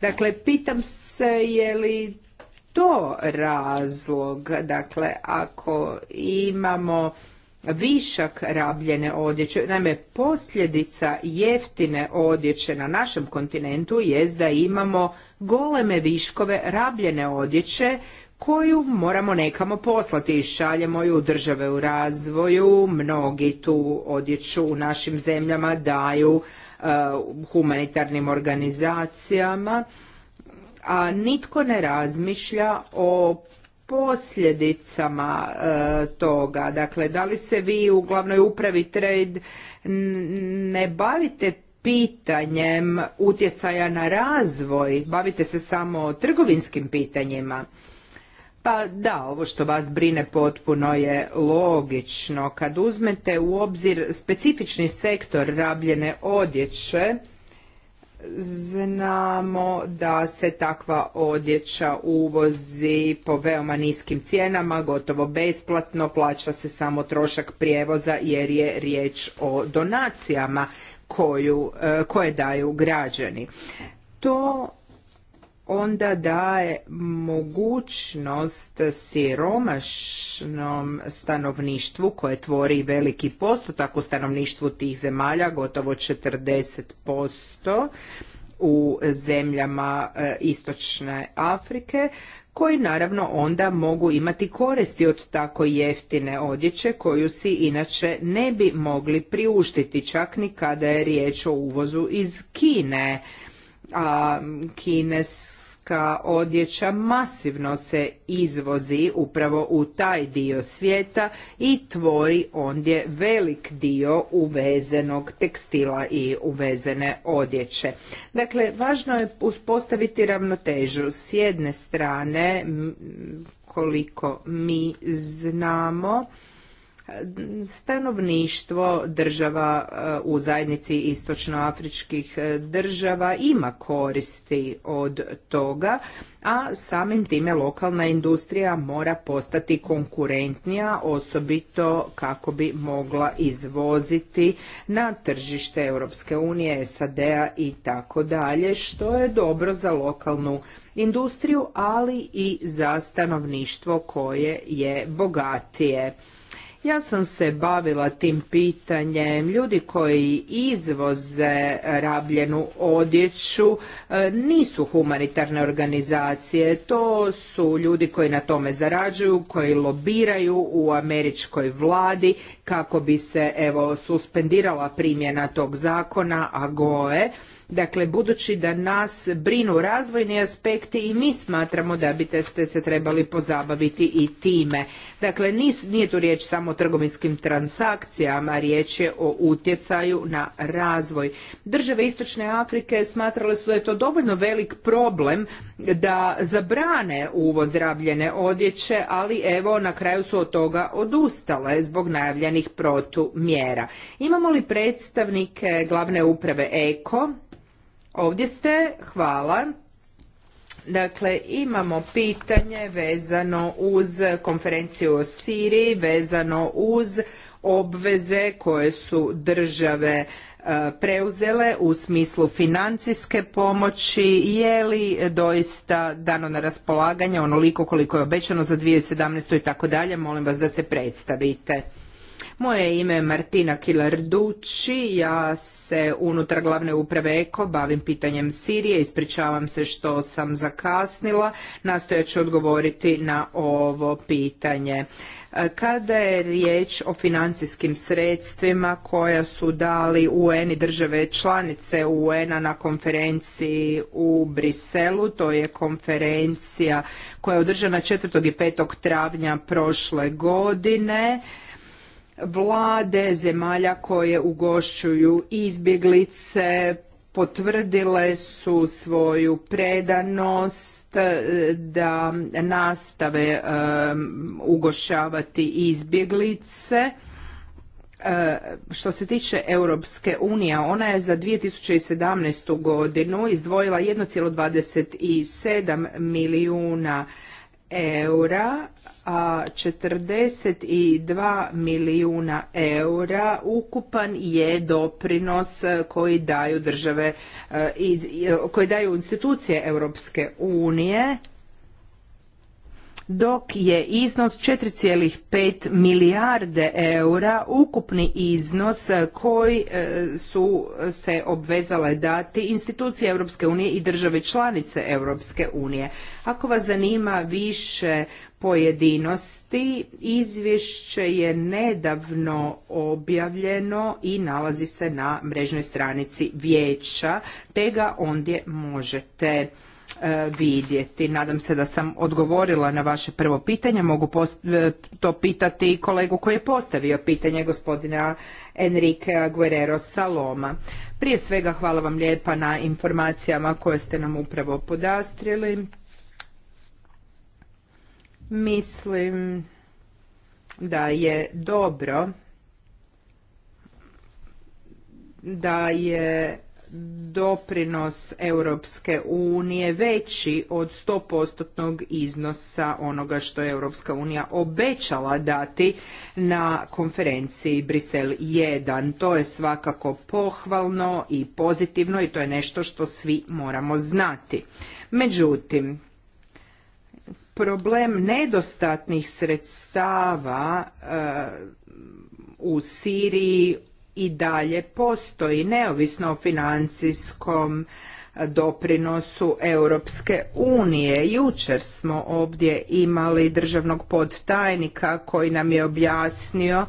Dakle, pitam se je li to razlog, dakle, ako imamo višak rabljene odjeće. Naime, posljedica jeftine odjeće na našem kontinentu jest da imamo goleme viškove rabljene odjeće koju moramo nekamo poslati. Šaljemo ju države u razvoju, mnogi tu odjeću u našim zemljama daju uh, humanitarnim organizacijama, a nitko ne razmišlja o posljedicama e, toga. Dakle, da li se vi u glavnoj upravi trade ne bavite pitanjem utjecaja na razvoj, bavite se samo trgovinskim pitanjima? Pa da, ovo što vas brine potpuno je logično. Kad uzmete u obzir specifični sektor rabljene odjeće, Znamo da se takva odjeća uvozi po veoma niskim cijenama, gotovo besplatno, plaća se samo trošak prijevoza jer je riječ o donacijama koju, e, koje daju građani. To onda daje mogućnost siromašnom stanovništvu koje tvori veliki postotak u stanovništvu tih zemalja, gotovo 40% u zemljama e, istočne Afrike, koji naravno onda mogu imati koristi od tako jeftine odjeće koju si inače ne bi mogli priuštiti čak ni kada je riječ o uvozu iz Kine a kineska odjeća masivno se izvozi upravo u taj dio svijeta i tvori ondje velik dio uvezenog tekstila i uvezene odjeće. Dakle, važno je uspostaviti ravnotežu. S jedne strane, koliko mi znamo, stanovništvo država e, u zajednici istočnoafričkih e, država ima koristi od toga, a samim time lokalna industrija mora postati konkurentnija, osobito kako bi mogla izvoziti na tržište Europske unije, SAD-a i tako dalje, što je dobro za lokalnu industriju, ali i za stanovništvo koje je bogatije. Ja sam se bavila tim pitanjem. Ljudi koji izvoze rabljenu odjeću e, nisu humanitarne organizacije. To su ljudi koji na tome zarađuju, koji lobiraju u američkoj vladi kako bi se evo suspendirala primjena tog zakona, a goje Dakle, budući da nas brinu razvojni aspekti i mi smatramo da biste ste se trebali pozabaviti i time. Dakle, nis, nije tu riječ samo o trgovinskim transakcijama, riječ je o utjecaju na razvoj. Države Istočne Afrike smatrale su da je to dovoljno velik problem da zabrane uvoz rabljene odjeće, ali evo na kraju su od toga odustale zbog najavljenih protumjera. Imamo li predstavnike glavne uprave EKO? Ovdje ste, hvala. Dakle, imamo pitanje vezano uz konferenciju o Siriji, vezano uz obveze koje su države e, preuzele u smislu financijske pomoći, je li doista dano na raspolaganje onoliko koliko je obećano za 2017. i tako dalje, molim vas da se predstavite. Moje ime je Martina Kilarducci, ja se unutar glavne uprave EKO bavim pitanjem Sirije, ispričavam se što sam zakasnila, nastojat ću odgovoriti na ovo pitanje. E, kada je riječ o financijskim sredstvima koja su dali UN i države članice UN-a na konferenciji u Briselu, to je konferencija koja je održana 4. i 5. travnja prošle godine, vlade zemalja koje ugošćuju izbjeglice potvrdile su svoju predanost e, da nastave e, ugošćavati izbjeglice e, što se tiče Europske unije, ona je za 2017. godinu izdvojila 1,27 milijuna eura, a 42 milijuna eura ukupan je doprinos koji daju države, e, e, koji daju institucije Europske unije dok je iznos 4,5 milijarde eura ukupni iznos e, koji e, su se obvezale dati institucije Europske unije i države članice Europske unije. Ako vas zanima više pojedinosti, izvješće je nedavno objavljeno i nalazi se na mrežnoj stranici vijeća, te ga ondje možete E, vidjeti. Nadam se da sam odgovorila na vaše prvo pitanje. Mogu e, to pitati i kolegu koji je postavio pitanje gospodina Enrique Guerrero Saloma. Prije svega hvala vam lijepa na informacijama koje ste nam upravo podastrili. Mislim da je dobro da je doprinos Europske unije veći od 100% iznosa onoga što je Europska unija obećala dati na konferenciji Brisel 1. To je svakako pohvalno i pozitivno i to je nešto što svi moramo znati. Međutim, problem nedostatnih sredstava e, u Siriji i dalje postoji neovisno o financijskom e, doprinosu Europske unije. Jučer smo ovdje imali državnog podtajnika koji nam je objasnio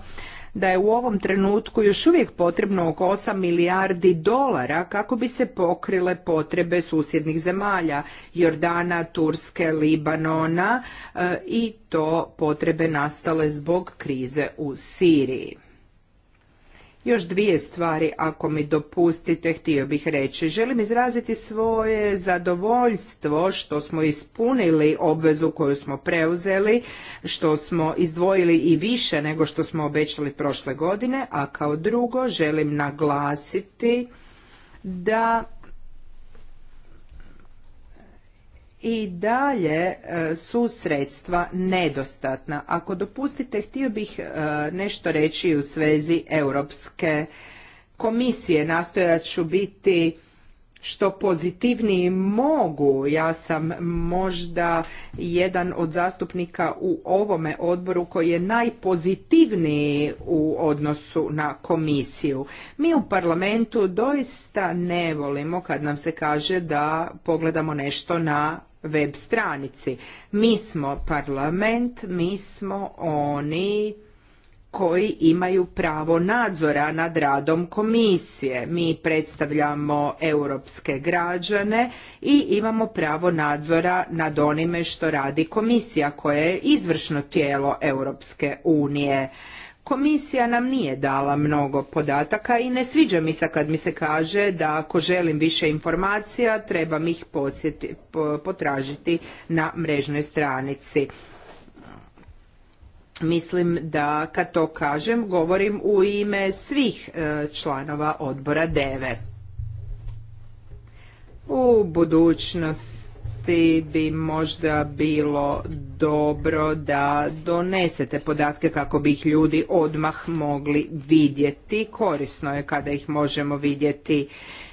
da je u ovom trenutku još uvijek potrebno oko 8 milijardi dolara kako bi se pokrile potrebe susjednih zemalja Jordana, Turske, Libanona e, i to potrebe nastale zbog krize u Siriji. Još dvije stvari, ako mi dopustite, htio bih reći. Želim izraziti svoje zadovoljstvo što smo ispunili obvezu koju smo preuzeli, što smo izdvojili i više nego što smo obećali prošle godine, a kao drugo želim naglasiti da i dalje e, su sredstva nedostatna. Ako dopustite, htio bih e, nešto reći u svezi Europske komisije. Nastojat ću biti što pozitivniji mogu. Ja sam možda jedan od zastupnika u ovome odboru koji je najpozitivniji u odnosu na komisiju. Mi u parlamentu doista ne volimo kad nam se kaže da pogledamo nešto na web stranici. Mi smo parlament, mi smo oni koji imaju pravo nadzora nad radom komisije. Mi predstavljamo europske građane i imamo pravo nadzora nad onime što radi komisija koja je izvršno tijelo Europske unije. Komisija nam nije dala mnogo podataka i ne sviđa mi se kad mi se kaže da ako želim više informacija trebam ih potražiti na mrežnoj stranici. Mislim da kad to kažem govorim u ime svih e, članova odbora DEVE. U budućnosti bi možda bilo dobro da donesete podatke kako bi ih ljudi odmah mogli vidjeti. Korisno je kada ih možemo vidjeti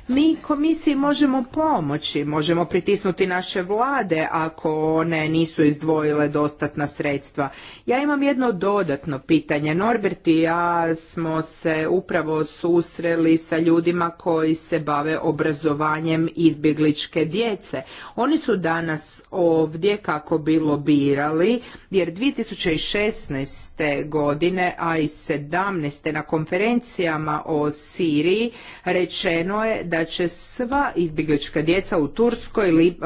mi komisiji možemo pomoći, možemo pritisnuti naše vlade ako one nisu izdvojile dostatna sredstva. Ja imam jedno dodatno pitanje. Norbert i ja smo se upravo susreli sa ljudima koji se bave obrazovanjem izbjegličke djece. Oni su danas ovdje kako bi lobirali jer 2016. godine, a i 17. na konferencijama o Siriji rečeno je da da će sva izbjeglička djeca u Turskoj, e,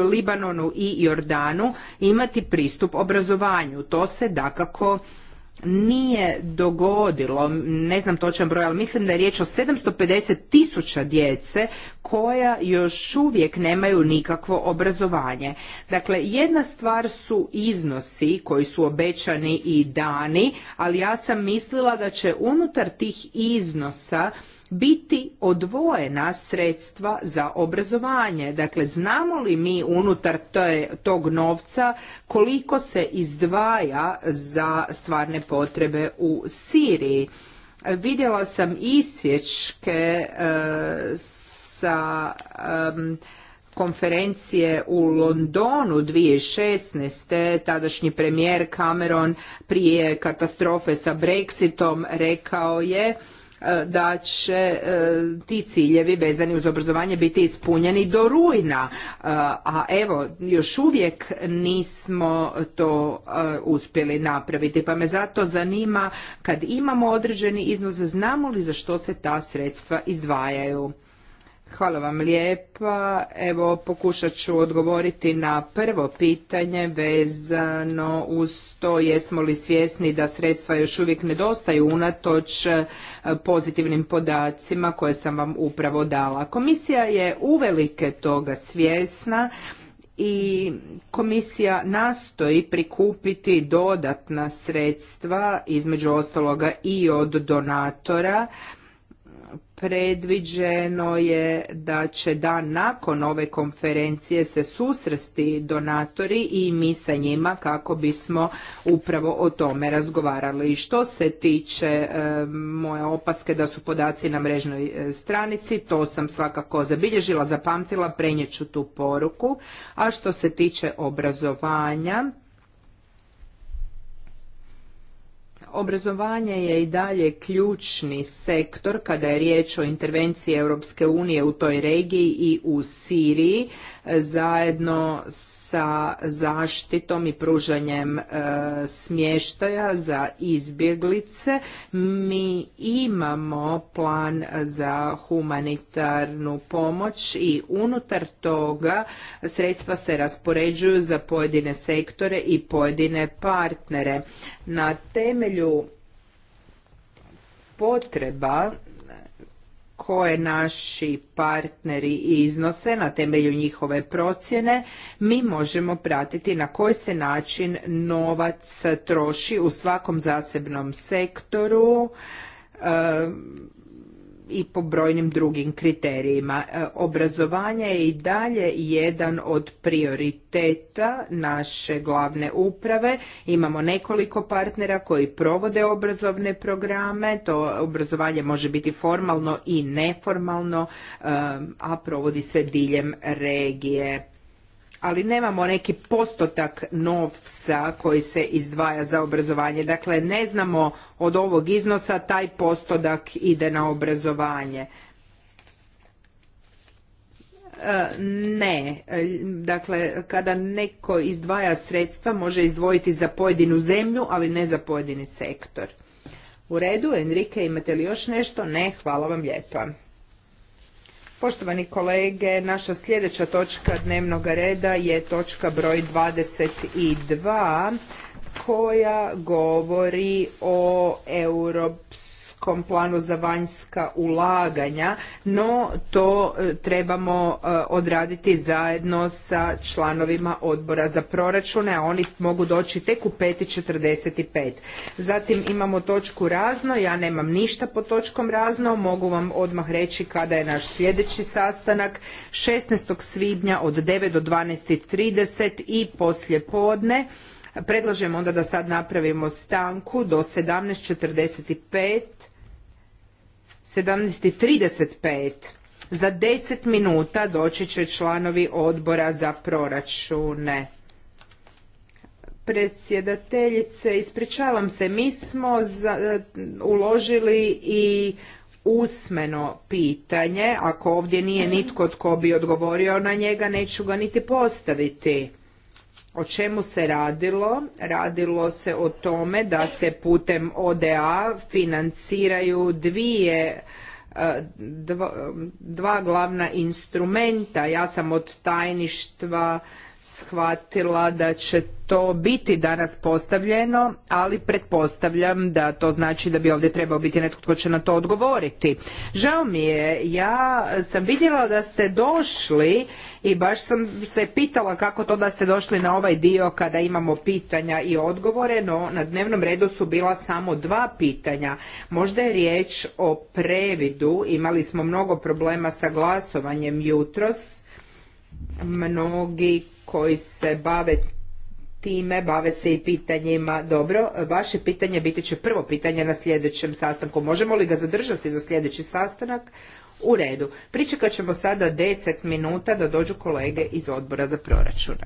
Libanonu i Jordanu imati pristup obrazovanju. To se dakako nije dogodilo, ne znam točan broj, ali mislim da je riječ o 750 tisuća djece koja još uvijek nemaju nikakvo obrazovanje. Dakle, jedna stvar su iznosi koji su obećani i dani, ali ja sam mislila da će unutar tih iznosa biti odvojena sredstva za obrazovanje. Dakle, znamo li mi unutar tog novca koliko se izdvaja za stvarne potrebe u Siriji? Vidjela sam isječke e, sa konferencije u Londonu 2016. tadašnji premijer Cameron prije katastrofe sa Brexitom rekao je E, da će e, ti ciljevi vezani uz obrazovanje biti ispunjeni do rujna, e, a evo još uvijek nismo to uspjeli napraviti, pa me zato zanima kad imamo određeni iznos, znamo li za što se ta sredstva izdvajaju. Hvala vam lijepa. Evo pokušat ću odgovoriti na prvo pitanje vezano uz to jesmo li svjesni da sredstva još uvijek nedostaju unatoč e, pozitivnim podacima koje sam vam upravo dala. Komisija je uvelike toga svjesna i komisija nastoji prikupiti dodatna sredstva između ostaloga i od donatora predviđeno je da će dan nakon ove konferencije se susresti donatori i mi sa njima kako bismo upravo o tome razgovarali. Što se tiče e, moje opaske da su podaci na mrežnoj e, stranici, to sam svakako zabilježila, zapamtila, prenijet tu poruku. A što se tiče obrazovanja, Obrazovanje je i dalje ključni sektor kada je riječ o intervenciji Europske unije u toj regiji i u Siriji zajedno s sa zaštitom i pružanjem e, smještaja za izbjeglice. Mi imamo plan za humanitarnu pomoć i unutar toga sredstva se raspoređuju za pojedine sektore i pojedine partnere. Na temelju potreba koje naši partneri iznose na temelju njihove procjene, mi možemo pratiti na koji se način novac troši u svakom zasebnom sektoru, i po brojnim drugim kriterijima. E, obrazovanje je i dalje jedan od prioriteta naše glavne uprave. Imamo nekoliko partnera koji provode obrazovne programe. To obrazovanje može biti formalno i neformalno, e, a provodi se diljem regije ali nemamo neki postotak novca koji se izdvaja za obrazovanje. Dakle, ne znamo od ovog iznosa taj postotak ide na obrazovanje. E, ne, e, dakle kada neko izdvaja sredstva može izdvojiti za pojedinu zemlju, ali ne za pojedini sektor. U redu, Enrike, imate li još nešto? Ne, hvala vam lijepa. Poštovani kolege, naša sljedeća točka dnevnog reda je točka broj 22 koja govori o Europskom kom planu za vanjska ulaganja, no to e, trebamo e, odraditi zajedno sa članovima odbora za proračune, a oni mogu doći tek u 5.45. Zatim imamo točku razno, ja nemam ništa po točkom razno, mogu vam odmah reći kada je naš sljedeći sastanak, 16. svibnja od 9 do 12.30 i poslje podne. Predlažem onda da sad napravimo stanku do 17.45, 17.35. Za 10 minuta doći će članovi odbora za proračune. Predsjedateljice, ispričavam se, mi smo za, uložili i usmeno pitanje, ako ovdje nije nitko tko bi odgovorio na njega, neću ga niti postaviti. O čemu se radilo? Radilo se o tome da se putem ODA financiraju dvije e, dva, dva glavna instrumenta. Ja sam od tajništva shvatila da će to biti danas postavljeno, ali pretpostavljam da to znači da bi ovdje trebao biti netko tko će na to odgovoriti. Žao mi je, ja sam vidjela da ste došli i baš sam se pitala kako to da ste došli na ovaj dio kada imamo pitanja i odgovore, no na dnevnom redu su bila samo dva pitanja. Možda je riječ o previdu, imali smo mnogo problema sa glasovanjem jutros, mnogi koji se bave time bave se i pitanjima. Dobro, vaše pitanje biti će prvo pitanje na sljedećem sastanku. Možemo li ga zadržati za sljedeći sastanak? U redu. Pričekat ćemo sada 10 minuta da dođu kolege iz odbora za proračun.